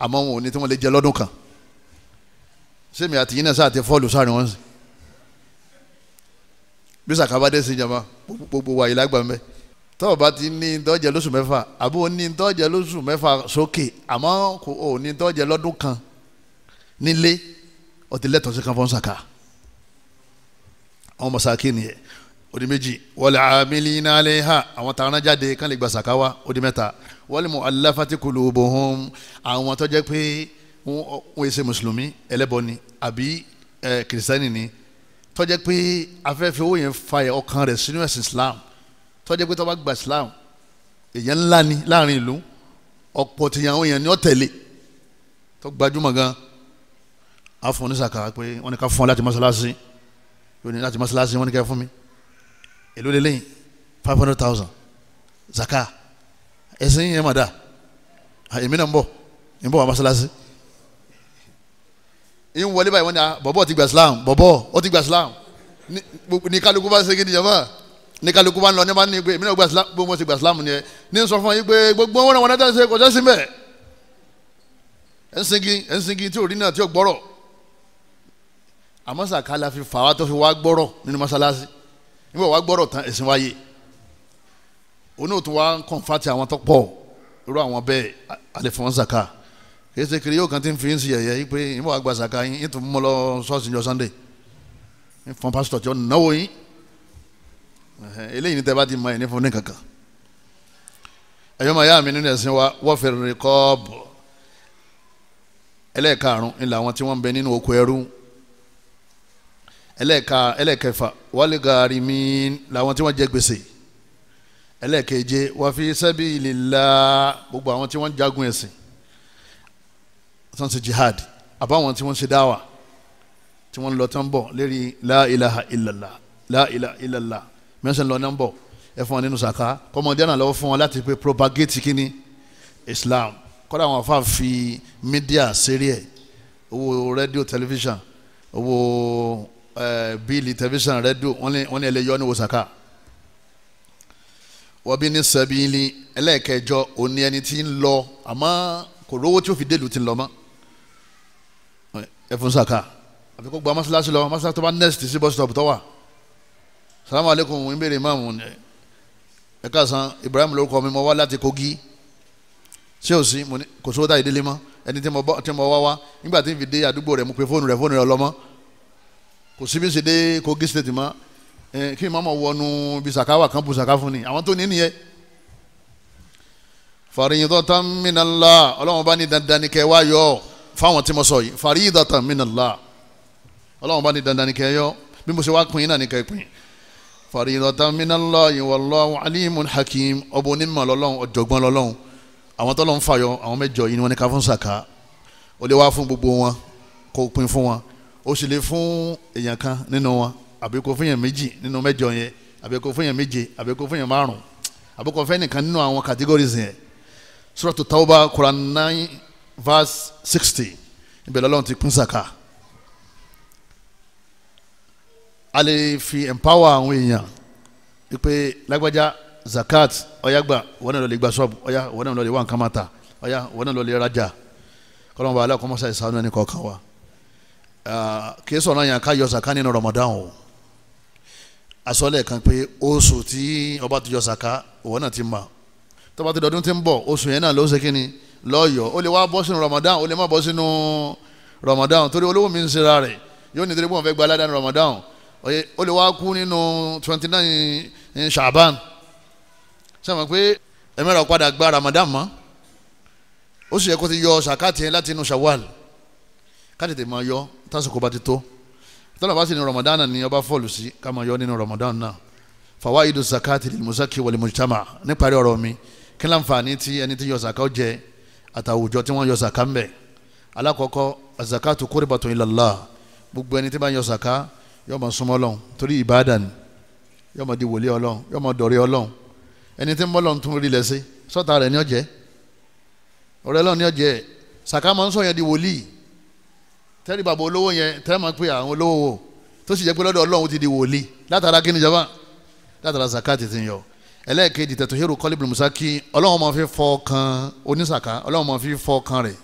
àmọ́ wọn ò ní tí wọ́n lè jẹ lọ́dún kan sẹ́mi àti yín náà sáà ti fọ́ọ̀lù sáré wọn sí bí sàkábàdé sí jama gbogbo wa yìí lágbà mẹ́ tọ́wọ́ bá ti ní tọ́jẹ́ lóṣù mẹ́fà àbó ní tọ́jẹ́ lóṣù mẹ́fà sókè àmọ́ kò ní tọ́jẹ́ lọ́dún kan nílé ó ti kan fọ́n àwọn mọ̀sáàkì nìyẹn ó di méjì wọlé amílínà aléhà àwọn tààrà jáde kán lè gba sàkáwá ó di mẹ́ta wọlé mu aláfàtí kulubuhum àwọn tó jẹ́ pé wọ́n yẹ ṣe mùsùlùmí ẹlẹ́bọ ni àbí kìrìsìtẹ́nì ni tó jẹ́ pé afẹ́fẹ́ owó yẹn fa ọkàn rẹ̀ sínú ẹ̀sìn Islam tó jẹ́ pé tó gba Islam èyàn ńlá ni láàrin ìlú ọ̀pọ̀ tìyàwó yẹn ni ó tẹ̀lé tó gbajúmọ̀ gan afọ̀ pé wọ́n ní ká fún ọ láti mọ́ṣáláṣí yóò ní láti mọ́sálásí wọn ní kẹ́ fún mi èló lè lẹ́yìn five hundred thousand zaka ẹ̀sìn yẹn mà dá èmi náà ń bọ̀ ń bọ̀ wá mọ́sálásí ń wọlé báyìí wọ́n ní bọ̀bọ̀ ti gba Islam bọ̀bọ̀ ó ti gba Islam ní kálukú bá segin nìjọba ní kálukú bá ń lọ ní bá ní pé èmi náà gba Islam gbogbo ti gba Islam ni ẹ ní sọ fún yín pé gbogbo wọn náà wọn náà dáhùn sí kọjá sí mẹ́ẹ̀ ẹ̀ ń segin ẹ̀ ń segin àmọ́ sàká la fi fà wá tó fi wá gbọ́rọ̀ nínú mọ́sálásí nígbà wá gbọ́rọ̀ tán ẹ̀sìn wáyé onóòtú wa ń kàn fati àwọn tó pọ̀ irú àwọn bẹ́ẹ̀ alẹ́ fún sàká kì kiri yóò kàn ti ń fi ń si yìí pé nígbà wá gba sàká yín yín tó mú lọ ṣọ́ọ̀ṣì jọ Sunday fún pásítọ̀ tí ó náwó yín eléyìí ní tẹ́ bá ti mọ ẹ̀ ní ní kankan ẹ̀yọ́ máa yá mi nínú ẹ̀sìn wa wọ́n fẹ́rẹ̀ kọ́ọ̀bù ẹlẹ́ẹ̀karùn-ún ni làwọn tí wọ́n ń bẹ nínú oko ẹrú ẹlẹ́ẹ̀ka ẹlẹ́ẹ̀kẹfà wálégàárì mi làwọn tí wọ́n jẹ gbèsè ẹlẹ́ẹ̀keje wàfi sabilillah gbogbo àwọn tí wọ́n jagun ẹ̀sìn tán jihad àbáwọn tí wọ́n ṣe dáwà tí wọ́n lọ tán bọ̀ lérí la ilaha illallah la ilaha illallah mẹ́sàn-án lọ náà bọ̀ ẹ fún wọn nínú sàká kọ́mọdé náà lọ́wọ́ fún wọn láti pé propagate kínní Islam kọ́dà àwọn afa fi mídíà sérí ẹ̀ owó rédíò tẹlifíṣàn owó bíìlì tẹlifíṣàn rẹ́díò wọ́n ní ẹlẹ́yọ́ ní wòsàká wọ́n bí ní sẹ́bíìlì ẹlẹ́ẹ̀kẹjọ òní ẹni tí ń lọ àmọ́ kò rówó tí ó fi délù ti lọ mọ́ ẹ fún sàká àfi kó gba mọ́sálásí lọ mọ́sálásí tó bá next sí bus tó wà salamu aleykum n imaamu ẹ káàsán Ibrahim lórúkọ mi mo wá láti Kogi ṣé o sí kò sówó táyé délé mọ́ ẹni tí mo wá wá nígbà tí n fi dé àdúgbò rẹ̀ mo pe fóònù rẹ̀ fóònù rẹ̀ ọlọ́mọ́ kò sí bí ń ṣe dé Kogi state mọ́ ẹ kí ìmáàmù wọnú bisaka wà kán busaka fún ni àwọn tó ní nìyẹn. faridatan minallah ọlọ́run bá ní dandan ní kẹ́ wá yọ fáwọn tí mo sọ yìí faridatan minallah ọlọ́run bá ní dandan ní yọ bí mo ṣe wá pín in náà ní kẹ́ pín in. faridatan minallah wallahu alimun hakim ọbọ onímọ̀ lọ́lọ́run ọ̀jọ̀gbọ́n lọ́lọ́run àwọn tọ́lọ́ ń fàyọ àwọn mẹ́jọ yìí ni wọ́n ní ká fún sàká ó lè wá fún gbogbo wọn kó pín fún wọn o sì lè fún èèyàn kan nínú wọn àbí kó fún èèyàn méjì nínú mẹ́jọ yẹn àbí kó fún èèyàn méje àbí kó fún èèyàn márùn àbí kó fẹ́ nìkan nínú àwọn categories yẹn suratu tauba quran nine verse sixty ibẹ̀ lọ́lọ́run ti pín sàkà a lè fi empower àwọn èèyàn wípé lágbájá zakat ọ̀yá gbà wọn náà lọ lè gba ṣọ́ọ̀bù ọ̀yá wọn náà lọ lè wá nǹkan máa ta ọ̀yá wọn náà lọ lè rajà kọ́lọ́mù bàálà kọ́mọ́sá ẹni kọ̀ọ̀kan wa kì í sọ̀rọ̀ yàn ká yọ nínú Ramadan o asọ́lẹ̀ kan pé oṣù tí ọba ti yọ sàká òwò náà ti mà tọ́ba ti dọ̀dún ti ń bọ̀ oṣù yẹn náà ló ṣe kí ni lọ́yọ̀ ó lè wá bọ́ sínú Ramadan o lè má bọ́ sínú Ramadan torí olówó mi ń ṣera rẹ̀ yóò ní torí pé wọ́n fẹ́ gba aládàáni Ramadan ó lè wá kú nínú twenty nine eh, Shaban sẹ́wọ̀n pé ẹ̀mẹ́rà padà gba Ramadan mọ́ ó sì yẹ kó ti yọ sàká tiẹ̀ láti inú Shawwal kájètè máa yọ tásìkò bá ti tó tọ́lá bá sì ní Ramadan ní ọba fọ́ọ̀lù sí ká máa yọ nínú Ramadan náà fawaidu zakati lilmuzaki walimujtama níparí ọ̀rọ̀ mi kí ni àǹfààní tí ẹni tí yọ zaka jẹ àtàwùjọ tí wọ́n yọ zaka ń bẹ̀ alákọ̀ọ́kọ́ azakatu kórìbàtò ilallah gbogbo ẹni tí bá yọ zaka yóò máa súnmọ́ Ọlọ́run torí ìbádàn yóò máa di wòlíì Ọlọ́run yóò máa dọ̀rẹ́ Ọlọ́run ẹni tí ń bọ́ tún rí lẹ́sẹ̀ sọ́ta rẹ̀ ní ọ̀jẹ́ ọ̀rẹ́ Ọlọ́run ní ọ̀jẹ́ zaka máa ń sọ yẹn di wòlíì tẹ́rí bàbá olówó yẹn tẹ́rí máa ń pè àwọn olówó wo tó sì jẹ́ pé lọ́dọ̀ ọlọ́run ti di wòlíì látara kí ni jọba látara zakati ti ń yọ ẹlẹ́ẹ̀kejì tẹ̀tù hero kọ́líbìlì musaki ọlọ́run máa fi fọkàn onísàká ọlọ́run máa fi fọkàn rẹ̀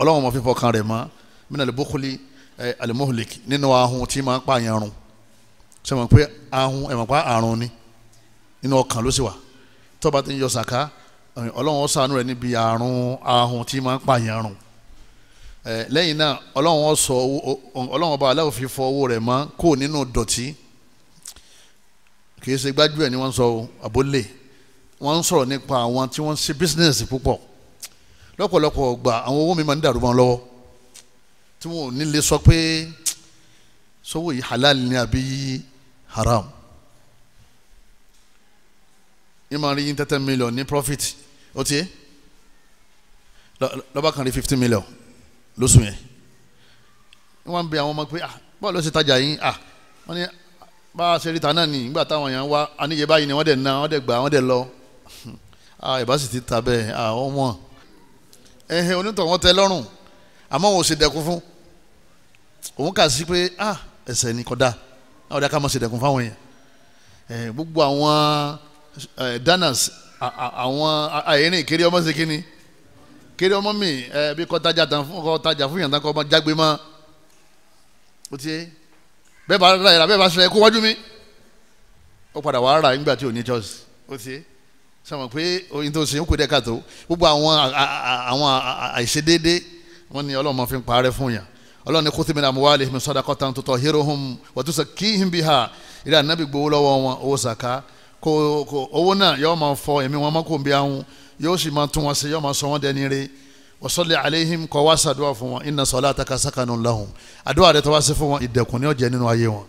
ọlọ́run máa fi fọkàn rẹ̀ mọ́ mina alibokuli alimohulik nínú ahun tí máa ń pààyàn run ṣe mọ̀ pé ahun ẹ̀ mọ̀ pé àrùn ni nínú ọkàn ló sì wà tó bá ti ń yọ sàká ọlọ́run ó ṣàánú rẹ̀ níbi àrùn ahun tí máa ń pààyàn run lẹ́yìn náà ọlọ́run ó sọ ọlọ́run ọba aláwọ̀ fi fọ owó rẹ̀ mọ́ kó nínú dọ̀tí kì í ṣe gbájú ẹ̀ ni wọ́n sọ àbólè wọ́n ń sọ̀rọ̀ nípa àwọn tí wọ́n ń ṣe bísíǹnẹ̀sì púpọ̀ lọ́pọ̀lọpọ̀ gbà àwọn owó mi máa ń dàrú mọ́ lọ́wọ́ tí wọn ò ní lè sọ pé sówó yìí halal ni àbí haram yín máa rí yín tẹ́tẹ́ mílíọ̀n ní profit ó ti yé lọ́ba kan rí fifteen million lóṣù yẹn wọ́n ń bẹ àwọn ọmọ pé ah báwo ló ṣe tajà yín ah wọ́n ní bá a ṣe ríta náà nì nígbà táwọn èèyàn wá aníyẹ báyìí ni wọ́n dẹ̀ na wọ́n dẹ̀ gbà wọ́n dẹ̀ lọ [LAUGHS] ah ìbá sì ti ta bẹ́ẹ̀ ah wọ́n mọ̀ ẹ̀hẹ̀ onítọ̀ wọn tẹ́ lọ́rùn àmọ́ wọn ò ṣe dẹkun fún òun kà sí pé ah ẹsẹ̀ ni kódà náà ọ̀dà ká mọ̀ ṣe dẹkun fáwọn yẹn gbogbo àwọn eh, danas àwọn àyẹ̀rìn ìkéré ọmọ ṣe kíni kéré ọmọ mi ẹ bí kọ́ tajà tán fún kọ́ tajà fún yàtọ̀ kọ́ ọmọ jágbe mọ́ o ti bẹ́ẹ̀ bá ra yàrá bẹ́ẹ̀ bá sọ̀rọ̀ kó wájú mi ó padà wàá rà nígbà tí ò ní chọ́ọ̀sì o ti sọ̀rọ̀ pé oyin tó ṣe ń kú dẹ́ kàtó gbogbo àwọn àwọn àìṣedéédé wọn ni ọlọ́run fi ń parẹ́ fún yàn ọlọ́run ní kúti mìíràn wà lẹ́hìn sọ́dà kọ́ta tó tọ̀ hírò hùm wọ́n tún sọ kí hìm bí ha ìdá nàbì gbowó lọ́wọ́ wọn owó sàká kò kò owó náà yóò máa fọ ẹ̀mí wọn mọ́ kò ń bí ahun yóò sì máa tún wọn sí yóò máa sọ wọn dẹni re wa salli alayhim kọ́ wá sàdúrà fún wọn inna salataka sakanun lahum àdúrà rẹ̀ tó wá sí fún wọn ìdẹ̀kùn ni ó nínú ayé wọn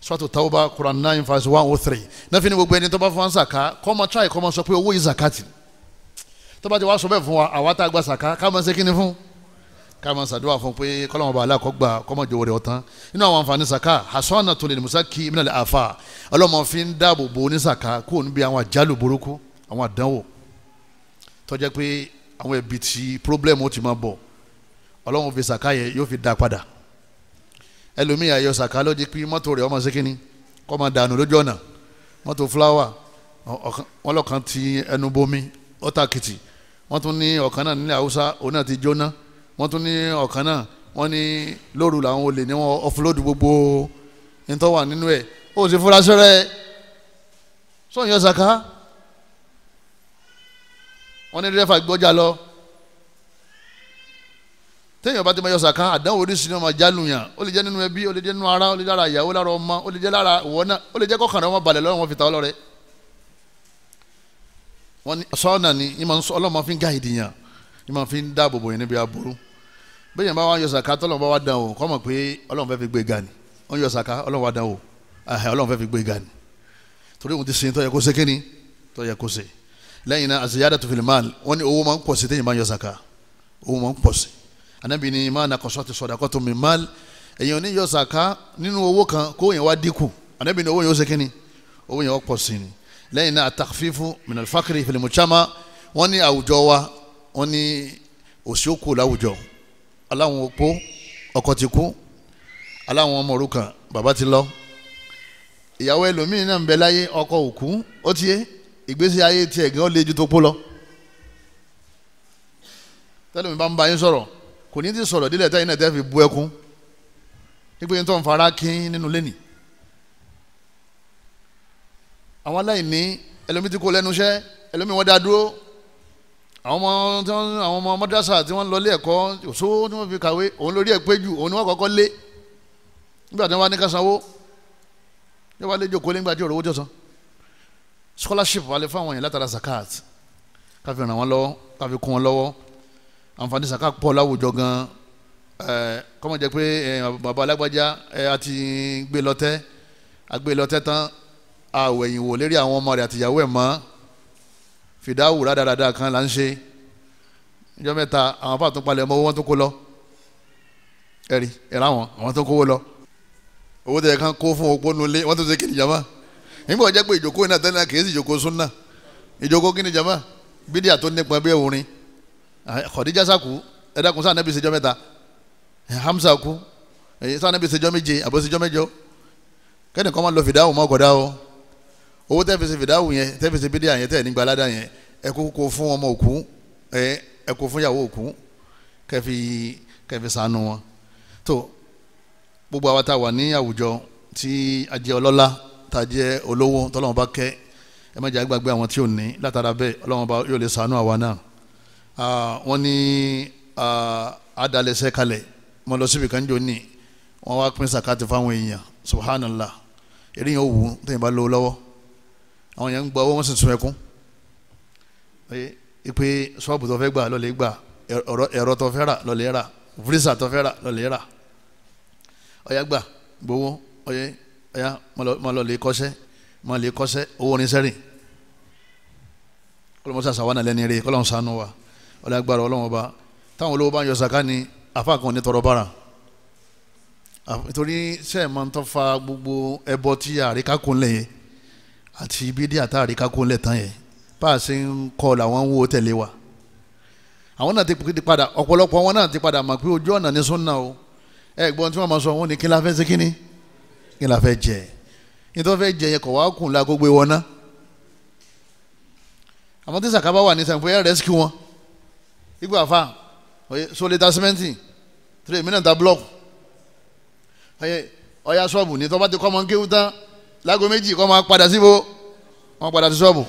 suratu tawba quran nine verse one oh three náà fi ni gbogbo ẹni tó bá fún wọn sàká kọ́ máa try kọ́ máa sọ pé owó yìí sàkátì tó bá ti wá sọ bẹ́ẹ̀ fún wa àwa tá a gba sàká ká máa ṣe kíni fún káma sàdúrà fún pé kọ́lọ́mọ bàálà kọ́ gbà kọ́mọ jòwó rẹ̀ ọ̀tán inú àwọn àǹfààní sàká hasana tó lè ní musa kí minal afa ọlọ́mọ fi ń dáàbò bo ní sàká kó o níbi àwọn àjálù burúkú àwọn àdánwò tó jẹ́ pé àwọn ẹ̀bí tí pírọ́blẹ́mù ti máa bọ̀ ọlọ́mọ fi sàká yẹ yóò fi dá padà ẹlòmíyà yọ sàká ló pé mọ́tò rẹ̀ ọmọ sékìní kọ́ máa dànù lójú ọ̀nà mọ́tò fúláwà wọn lọ́kàn ti ẹnu bomi ọ́tàkìtì wọ́n tún ní ọ̀kan náà wọ́n tún ní ọ̀kan náà wọ́n ní lóru làwọn olè ní wọ́n ọ̀fúlódù gbogbo nítorí wà nínú ẹ̀ ó sì fura sẹ́rẹ̀ sọ̀yìn ọ̀sàká wọ́n ní dẹ́fà gbọ́jà lọ téèyàn bá ti máa yọ sàká àdánwò oríṣi ni wọn máa jálù yàn ó lè jẹ nínú ẹbí ó lè jẹ nínú ara ó lè jẹ lára ìyàwó lára ọmọ ó lè jẹ lára ìwọ náà ó lè jẹ kọkànlá wọn balẹ̀ lọ́rùn wọn fi ta ọ lọ́rẹ́. wọn ní sọ́ọ̀nà ni ìmọ̀ ọlọ́mọ fi ń gáàdì yàn ìmọ̀ fi ń dáàbò bò níbi aburú bẹ́ẹ̀ bá wà yọ sàká tọ́lọ́run bá wà dán o kọ́ mọ̀ pé ọlọ́run fẹ́ fi gbé ga ni wọ́n yọ sàká ọlọ́run wà dán o ọlọ́run fẹ́ fi gbé ga ni torí òun ti sin tó yẹ kó ṣe kíni tó yẹ kó ṣe lẹ́yìn náà az-ziyadatu fil mal wọ́n ní owó máa ń pọ̀ sí téèyàn máa yọ sàká owó máa ń pọ̀ sí anábì ni máa na kọ̀sọ́ ti sadaqatu min mal èyàn ní yọ sàká nínú owó kan kó yẹn wá dínkù anábì ni owó aláwọn opó ọkọ ti kú aláwọn ọmọ òrukàn bàbá ti lọ ìyàwó ẹlòmíín náà ń bẹ láyé ọkọ òkú ó ti yé ìgbésí ayé tiẹ̀ gan le ju tó pó lọ tẹ́lẹ̀mí bá ń bá yín sọ̀rọ̀ kò ní ti sọ̀rọ̀ dílẹ̀ táyìn náà tẹ́ fi bu ẹkún nígbà yín tó ń fara kín nínú lẹ́nìí àwọn aláìní ẹlòmíín ti kó lẹ́nu iṣẹ́ ẹlòmíín wọ́n dá dúró àwọn ọmọ tí wọn àwọn ọmọ mọdásà tí wọn lọ ilé ẹ̀kọ́ òṣó tí wọn fi kàwé òun lórí ẹ jù òun ni wọn kọ́kọ́ lé nígbà tí wọn bá ní ká yóò wá lé jókòó lé nígbà tí òrówó jọ san scholarship wà lè fún àwọn yẹn látara zakat ká fi ràn wọn lọ́wọ́ ká fi kún wọn lọ́wọ́ àǹfààní zakat pọ̀ láwùjọ gan ẹ kọ́mọ jẹ́ pé ẹ bàbá alágbájá ẹ àti gbé lọ́tẹ́ tán àwẹ̀yìnwó lérí àwọn ọmọ rẹ̀ àtìyàwó ẹ̀ mọ́ fìdáwù rádaràda kan là ń ṣe ìjọ mẹ́ta àwọn fáà tó palẹ̀ mọ́ owó wọn tó kó lọ ẹ̀rí ẹ̀rá wọn àwọn tó kówó lọ owó tẹ̀yẹ kan kó fún opó nulẹ̀ wọ́n tó ṣe kí ni jama nígbà wọ́n jẹ́ pé ìjókòó iná tẹ́lẹ̀ kì í sì ìjókòó súnà ìjókòó kí ni jama bídíà tó nípa bí orin Khadija sàkú ẹ̀dàkùn sáà nẹ́bí ṣèjọ́ mẹ́ta Hamza kú sáà nẹ́bí ṣèjọ́ méje àbọ̀ ṣèjọ́ mẹ́jọ kẹ́nìkan máa lọ fìdáhùn mọ́ kọ̀dá o owó tẹ́ fi ṣe fìdáwù yẹn tẹ́ fi ṣe bídíà yẹn tẹ́ ní gbalada yẹn ẹ kó kó fún ọmọ òkú ẹ ẹ kó fún ìyàwó òkú kẹfì kẹfì sànù wọn tó gbogbo àwa tá a wà ní àwùjọ tí a jẹ ọlọ́lá tá a jẹ olówó tọ́lọ́wọ́n bá kẹ́ ẹ má jẹ́ àgbàgbé àwọn tí ò ní látara bẹ́ẹ̀ ọlọ́wọ́n bá yóò lè sànù àwa náà wọ́n ní adalẹ̀sẹ̀ kalẹ̀ mo lọ síbi kan ní wọ́n wá pín sàkátì fáwọn èèyàn subhanallah èrè yẹn ò wù tẹ̀yìn bá lọ́wọ́ àwọn yẹn ń gbọ́ wọ́n sì sun ẹkún ipe ṣọ́ọ̀bù tó fẹ́ gbà lọ́lẹ̀ gbà ẹ̀rọ tó fẹ́ rà lọ́lẹ̀ rà fúrísà tó fẹ́ rà lọ́lẹ̀ rà ọ̀yá gbà gbowó ọ̀yẹ́ ọ̀yá mọ̀ lọ́lẹ̀ kọ́ṣẹ́ mọ̀ lè kọ́ṣẹ́ owó oníṣẹ́rìn kọlọmọsá sàwánà lẹni rè kọlọmọ sànù wa ọlọ agbára ọlọmọ ọba táwọn olówó bá ń yọ sàká ni afa kan ní tọrọ bára nítorí sẹ́ẹ̀ máa ń tọ́ fa gbogbo ẹbọ tí àríkà kún lẹ́yìn àti bídí àtàrí kákó ńlẹ̀ tán yẹn bá a ṣe ń kọ́ làwọn ń wo tẹ̀lé wa àwọn náà ti padà ọ̀pọ̀lọpọ̀ wọn náà ti padà mọ̀ pé ojú ọ̀nà ní súnà o ẹ gbọ́n tí wọ́n máa sọ wọn ni kí la fẹ́ ṣe kíní kí la fẹ́ jẹ ní tó fẹ́ jẹ yẹn kọ̀ wá kùn la gbogbo wọn náà àwọn tí sàkábà wà ní sàǹfù ẹ rẹ́síkì wọn igbó àfa solita simenti three minute block ọya ṣọ́ọ̀bù ní tó bá ti kọ́ ọmọ kéwú tán láago méjì kọ́ máa padà síbo wọ́n padà sí ṣọ́ọ̀bù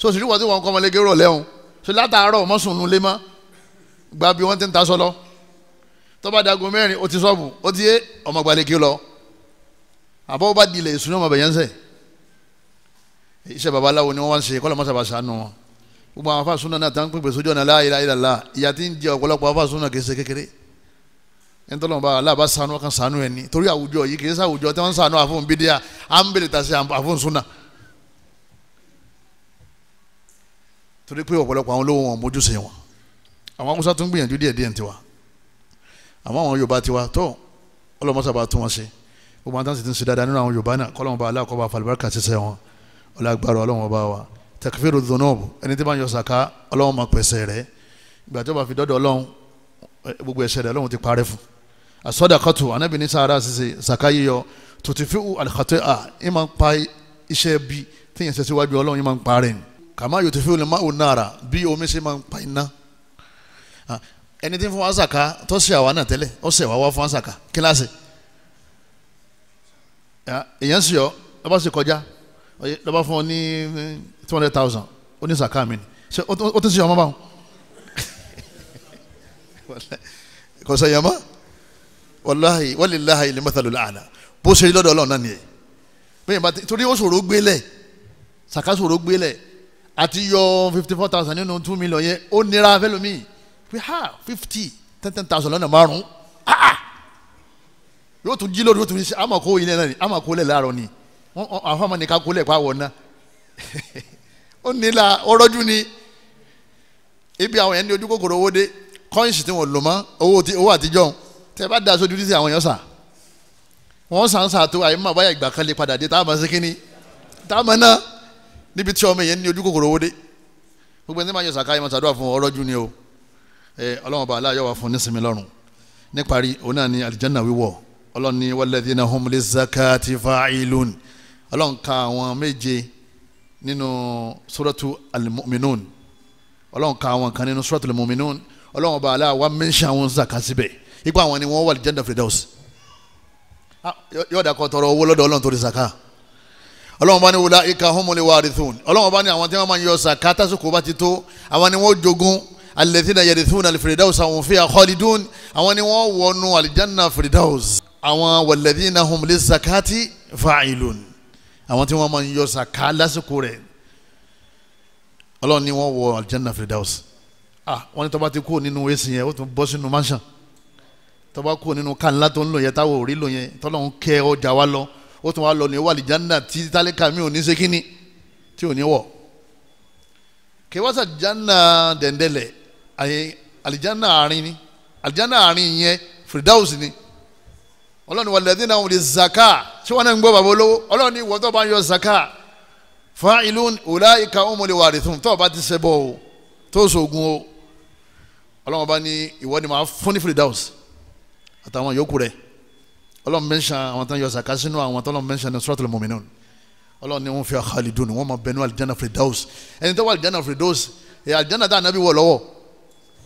so sì ríwọ́ tí wọ́n kọ́ ọmọlẹ́gẹ́ rọ̀ lẹ́hùn so látàárọ̀ mọ́sùnún lé mọ́ gba bí wọ́n ti ń ta sọ lọ tó bá dago mẹ́rin ó ti ṣọ́ọ̀bù o ti yé ọmọ gbalẹ̀kẹ́ lọ àbọ̀ bá dilẹ̀ ìsúná ọmọ bẹ̀yẹn sẹ̀ iṣẹ́ babaláwo ni wọ́n wá ń ṣe kọ́lọ́ mọ́sàbà sànù wọn gbogbo àwọn afásúná náà tá ń pèpè sójú ọ̀nà la ilaha illallah ìyá ti ń jẹ ọ̀pọ̀lọpọ̀ afásúná kì í ṣe kékeré ẹni tó lọ́nba aláàbá sanu kan sanu ẹ̀ ni torí àwùjọ yìí kì í sàwùjọ tí wọ́n ń sanu àfọ̀n bídíà à ń bèrè tàṣe àfọ̀n súnà torí pé ọ̀pọ̀lọpọ̀ àwọn olówó wọn mójúṣe wọn àwọn akúnṣá tún gbìyànjú díẹ̀ díẹ̀ tiwa àmọ́ àwọn Yorùbá tiwa tó ọlọ́mọṣàbà tún wọn ṣe gbogbo àwọn táǹsì ti ń ṣe dáadáa nínú àwọn Yorùbá náà kọ́lọ́mọba aláàkọ́bà falùbáríkà ṣiṣẹ́ wọn ọlágbára ọlọ́wọ́n bá wa takfiru dhunub ẹni tí bá yọ sàká ọlọ́wọ́n máa rẹ̀ ìgbà tó bá fi dọ́dọ̀ ọlọ́run gbogbo ẹ̀ṣẹ̀ rẹ̀ ọlọ́run ti parẹ́ fún un asọdakatu anabi ní sahara sise sakayi yọ tutifiu alikatoa a máa ń pa iṣẹ́ bí tíyẹn ṣe síwájú ọlọ́run yìí máa ń pa rẹ̀ ni kàmá yutifiu lè má o nara bí omi ṣe máa ń pa iná ah, ẹni tí ń fún wa saka tó ṣe àwa náà tẹ́lẹ̀ ó ṣe àwa wá fún wa saka kíláàsì ah, èèyàn sì yọ lọ́ba sì kọjá lọ́ba fún ọ ní two hundred thousand ó ní saka mi ni ṣe ó tún ṣe ọmọ báwọn [LAUGHS] kò sẹ́yìn ọmọ wàláhì wàlíláhì ilé mẹ́ta lòlá àlà bó ṣe lọ́dọ̀ ọlọ́run náà nìyẹn bẹ́ẹ̀ bá torí ó ṣòro gbélẹ̀ sàká ṣòro gbélẹ̀ àti yọ fifty four thousand nínú two million yẹn ó nira fẹlẹ́mi pé ha fifty ten ten thousand lọ́nà márùn-ún ah yóò tún jí lórí yóò tún ṣe àmọ̀ kó ilé náà ni àmọ̀ kó lẹ̀ láàárọ̀ ni wọ́n àwọn ọmọ nìkan kó lẹ̀ pàwọ̀ náà [LAUGHS] ó nílà ọrọ́jú ni ibi àwọn yẹn ní ojú kòkòrò owó dé kọ́ìnsì tí wọ́n lò mọ́ owó àtijọ́ tẹ bá da sojú títí àwọn èèyàn sà wọ́n sàn sà tó àyè máa báyà ìgbà kan lè padà dé tá a máa ṣe kínní tá a máa ná níbi tí ọmọ yẹn ní ojú kòkòrò owó dé gbogbo ẹni tí máa yọ sàkáyé máa ṣàdúrà fún ọrọ̀ jù ni o ọlọ́run ọba aláyọ̀ wà fún nísìmí lọ́rùn níparí òun náà ni àlìjáná wíwọ̀ ọlọ́run ní walladhina hum lizzakati fa'ilun ọlọ́run ka àwọn méje nínú suratu al ọlọ́run ka àwọn kan nínú suratu al ọlọ́run ọba aláwa mẹ́ńṣẹ́ àwọn zaka ipò àwọn ni wọ́n wà lìjẹ́ ǹdà fìdíọ́s ah. yóò dàkọ̀ tọrọ owó lọ́dọ̀ ọlọ́run torí sàká ọlọ́run bá ní wula ika humuli warithun ọlọ́run bá ní àwọn tí wọ́n máa ń yọ sàká tásìkò bá ti tó àwọn ni wọ́n jogun alladhina yarithuna al-firdaws hum fiha khalidun àwọn ni wọ́n wọnú aljanna firdaws àwọn walladhina hum lizzakati fa'ilun àwọn tí wọ́n máa ń yọ sàká lásìkò rẹ̀ ọlọ́run ni wọ́n wọ aljanna firdaws ah wọ́n ní tó tọ́ba kú nínú kanla tó ń lò yẹn táwọn ò rí lò yẹn tọ́lọ́hún kẹ́ ọjà wa lọ ó tún wá lọ ní wàlí janna tí tálíkà mi ò ní ṣe kíni tí ò ní wọ̀ kẹwàsà janna dẹ̀ndẹ̀lẹ̀ àyè alijanna àárín ni alijanna àárín yẹn firdaus ni ọlọ́ni wàlẹ́dín náà wòlé zaka tí wọ́n náà ń gbọ́ bàbá olówó ọlọ́ni wọ́tọ́ bá ń yọ zaka fa'ilun ulaika umul warithun tó o bá ti ṣẹbọ o tó o sògùn o ọlọ́wọ́n bá ní ìwọ ni fún ní firdaus àtàwọn yòókù rẹ̀ ọlọ́run mẹ́sàn àwọn tán yọ sàkà sínú àwọn tọ́lọ́run mẹ́sàn ní suratul mu'minun ọlọ́run ní wọn fi khalidun wọn máa bẹnu aljanna firdaus ẹni tó wà aljanna firdaus ẹ aljanna tá ànábì wọ̀ lọ́wọ́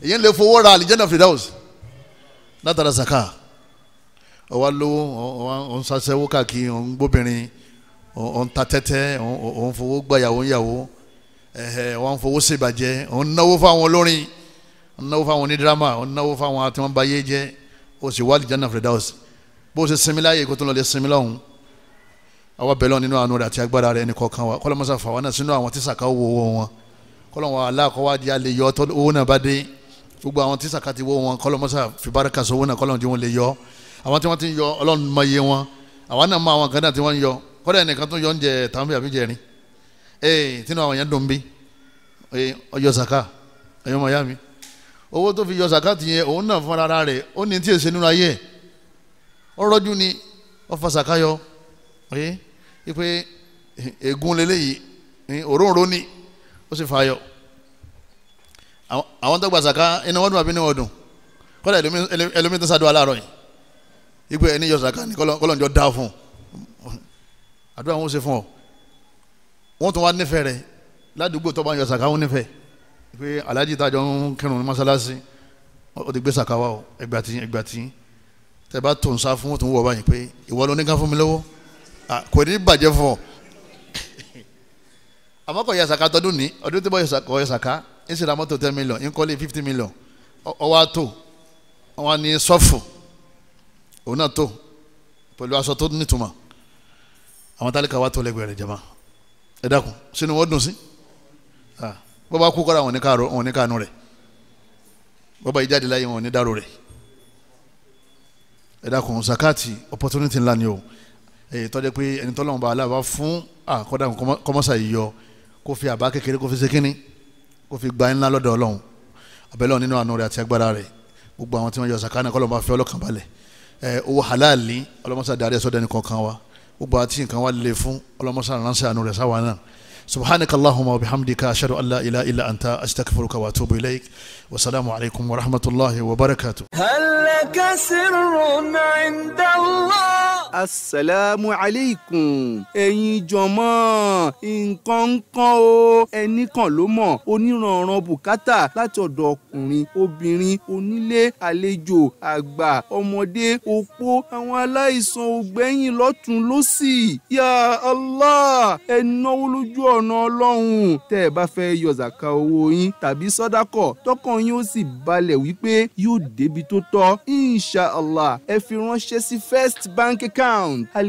èyí ń lè fowó ra aljanna firdaus látara sàkà ọwọ́ lówó ọ̀n sasẹ́wó káàkiri ọ̀n gbóbìnrin ọ̀n ta tẹ́tẹ́ ọ̀n fowó gbàyàwó yàwó ẹ̀hẹ̀ wọ́n ń fowó ṣèbàjẹ́ ọ̀n náwó fáwọn olórin ọ̀n náwó fáwọn onídírámà ọ̀n náwó fáwọn àti wọn bayé jẹ́ o sì wá àlìjáná Firdaus bó o ṣe sinmi láàyè kó tó lọ lè sinmi lọ́hùn àwa bẹ̀lọ́ nínú àánú rẹ̀ àti agbára rẹ̀ ẹnìkọ̀ọ̀kan wa kọ́lọ́ mọ́sá fà wá náà sínú àwọn tí sàkà owó owó wọn kọ́lọ́ wọn aláàkọ́wádìí alẹ́ yọ tọ́ owó náà bá dé gbogbo àwọn tí sàkà ti wó wọn kọ́lọ́ mọ́sá fìbáraka sọ owó náà kọ́lọ́ tí wọ́n lè yọ àwọn tí wọ́n ti yọ ọlọ́run mọ iye wọn àwa náà yọ owó tó fi yọ zakati yẹn òun náà fún ara rẹ̀ ó ní tí èsè nínú ayé ẹ̀ ọ̀rọ̀jú ni ọ̀fà sàkáyọ ẹ ipe egun lélẹ́yìí òróǹro ni ó sì fà yọ àwọn tó gba sàká inú wọn dùn àbí inú wọn dùn kọ́lá ẹlòmíín tó sàdúrà láàárọ̀ yìí ipe ẹni yọ sàká ni kọ́lọ́njọ́ dá fún àdúrà wọn ó ṣe fún ọ wọ́n tún wá nífẹ̀ẹ́ rẹ̀ ládùúgbò tó bá ń yọ sàká wọn nífẹ̀ẹ́ pé alhaji tajọ ń kírun ní mọ́sálásí ó ti gbé sàkáwá o ẹgbà tí ẹgbà tí tẹ bá tó ń sá fún òtún wọ báyìí pé ìwọ ló ní ká fún mi lọ́wọ́ kò ní bàjẹ́ fún ọ [LAUGHS] àmọ́ kò yẹ sàká tọdún ní ọdún tí kò yẹ sàká ń sì ra mọ́tò ten million ń kọ́lé fifty million ọwọ́ àtò wọn ní sọ́ọ̀fù òun náà tó pẹ̀lú aṣọ tó nítumọ̀ àwọn tálíkà wa tó lẹ́gbẹ̀ẹ́ rẹ̀ jẹ̀ma ẹ dákun sínú wọn dùn sí bọ́ba kú kọ́ra wọn ní kánú rẹ̀ bọ́ba yìí jáde láyé wọn ní dárò rẹ̀ ẹ zakati opportunity ńlá ni o èyí tọ́jú pé ẹni tọ́lọ́run bá aláàbá fún àkọ́dà kọ́mọ́sà yìí yọ kó fi àbá kékeré kó fi ṣe kínní kó fi gba ńlá lọ́dọ̀ ọlọ́run abẹ́lẹ́ nínú àánú rẹ̀ àti agbára rẹ̀ gbogbo àwọn tí wọ́n yọ zakana kọ́lọ́run bá fi ọlọ́kàn balẹ̀ owó halali ọlọ́mọsà darí ẹ̀sọ́ dẹni wa gbogbo àti nǹkan wa lè fún ọlọ́mọsà ránṣẹ́ àánú rẹ̀ sáwa náà سبحانك اللهم وبحمدك أشهد أن لا إله إلا أنت أستغفرك وأتوب إليك والسلام عليكم ورحمة الله وبركاته هل لك سر عند الله asalaamu aleykum ẹ̀yin jọ̀mọ́ nǹkan kan o ẹnì kan ló mọ̀ oníranran bùkátà láti ọ̀dọ̀ ọkùnrin obìnrin onílé àlejò àgbà ọmọdé opó àwọn aláìsàn ògbẹ́yìn lọ́tún lọ́sì ya Allah ẹ náwó lójú ọ̀nà ọ̀nà ọlọ́run tẹ́ ẹ bá fẹ́ yọ zàkà owó yín tàbí sọ́dákọ̀ tọkàn yín ó sì balẹ̀ wípé yóò débi tó tọ́ inshallah ẹ fi ránṣẹ́ sí first bank account al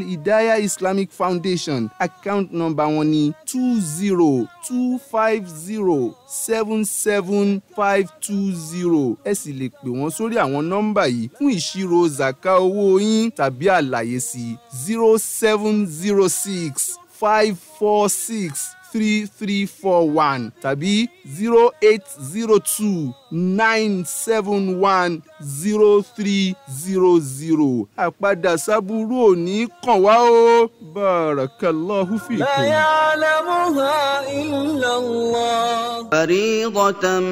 islamic foundation account number wọn ni two zero two five zero seven seven five two zero ẹ sì lè pè wọ́n sórí àwọn nọ́mbà yìí fún ìṣirò zàkà owó yín tàbí àlàyé sí zero seven zero six five four six three three four one tàbí zero eight zero two nine seven one zero three zero zero àpadà sábúrú ò kàn wá o barakallahu fikum. la ya'lamuha illa Allah. fariidatan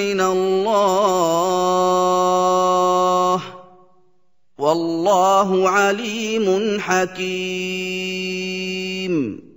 min Allah. wallahu alimun hakim.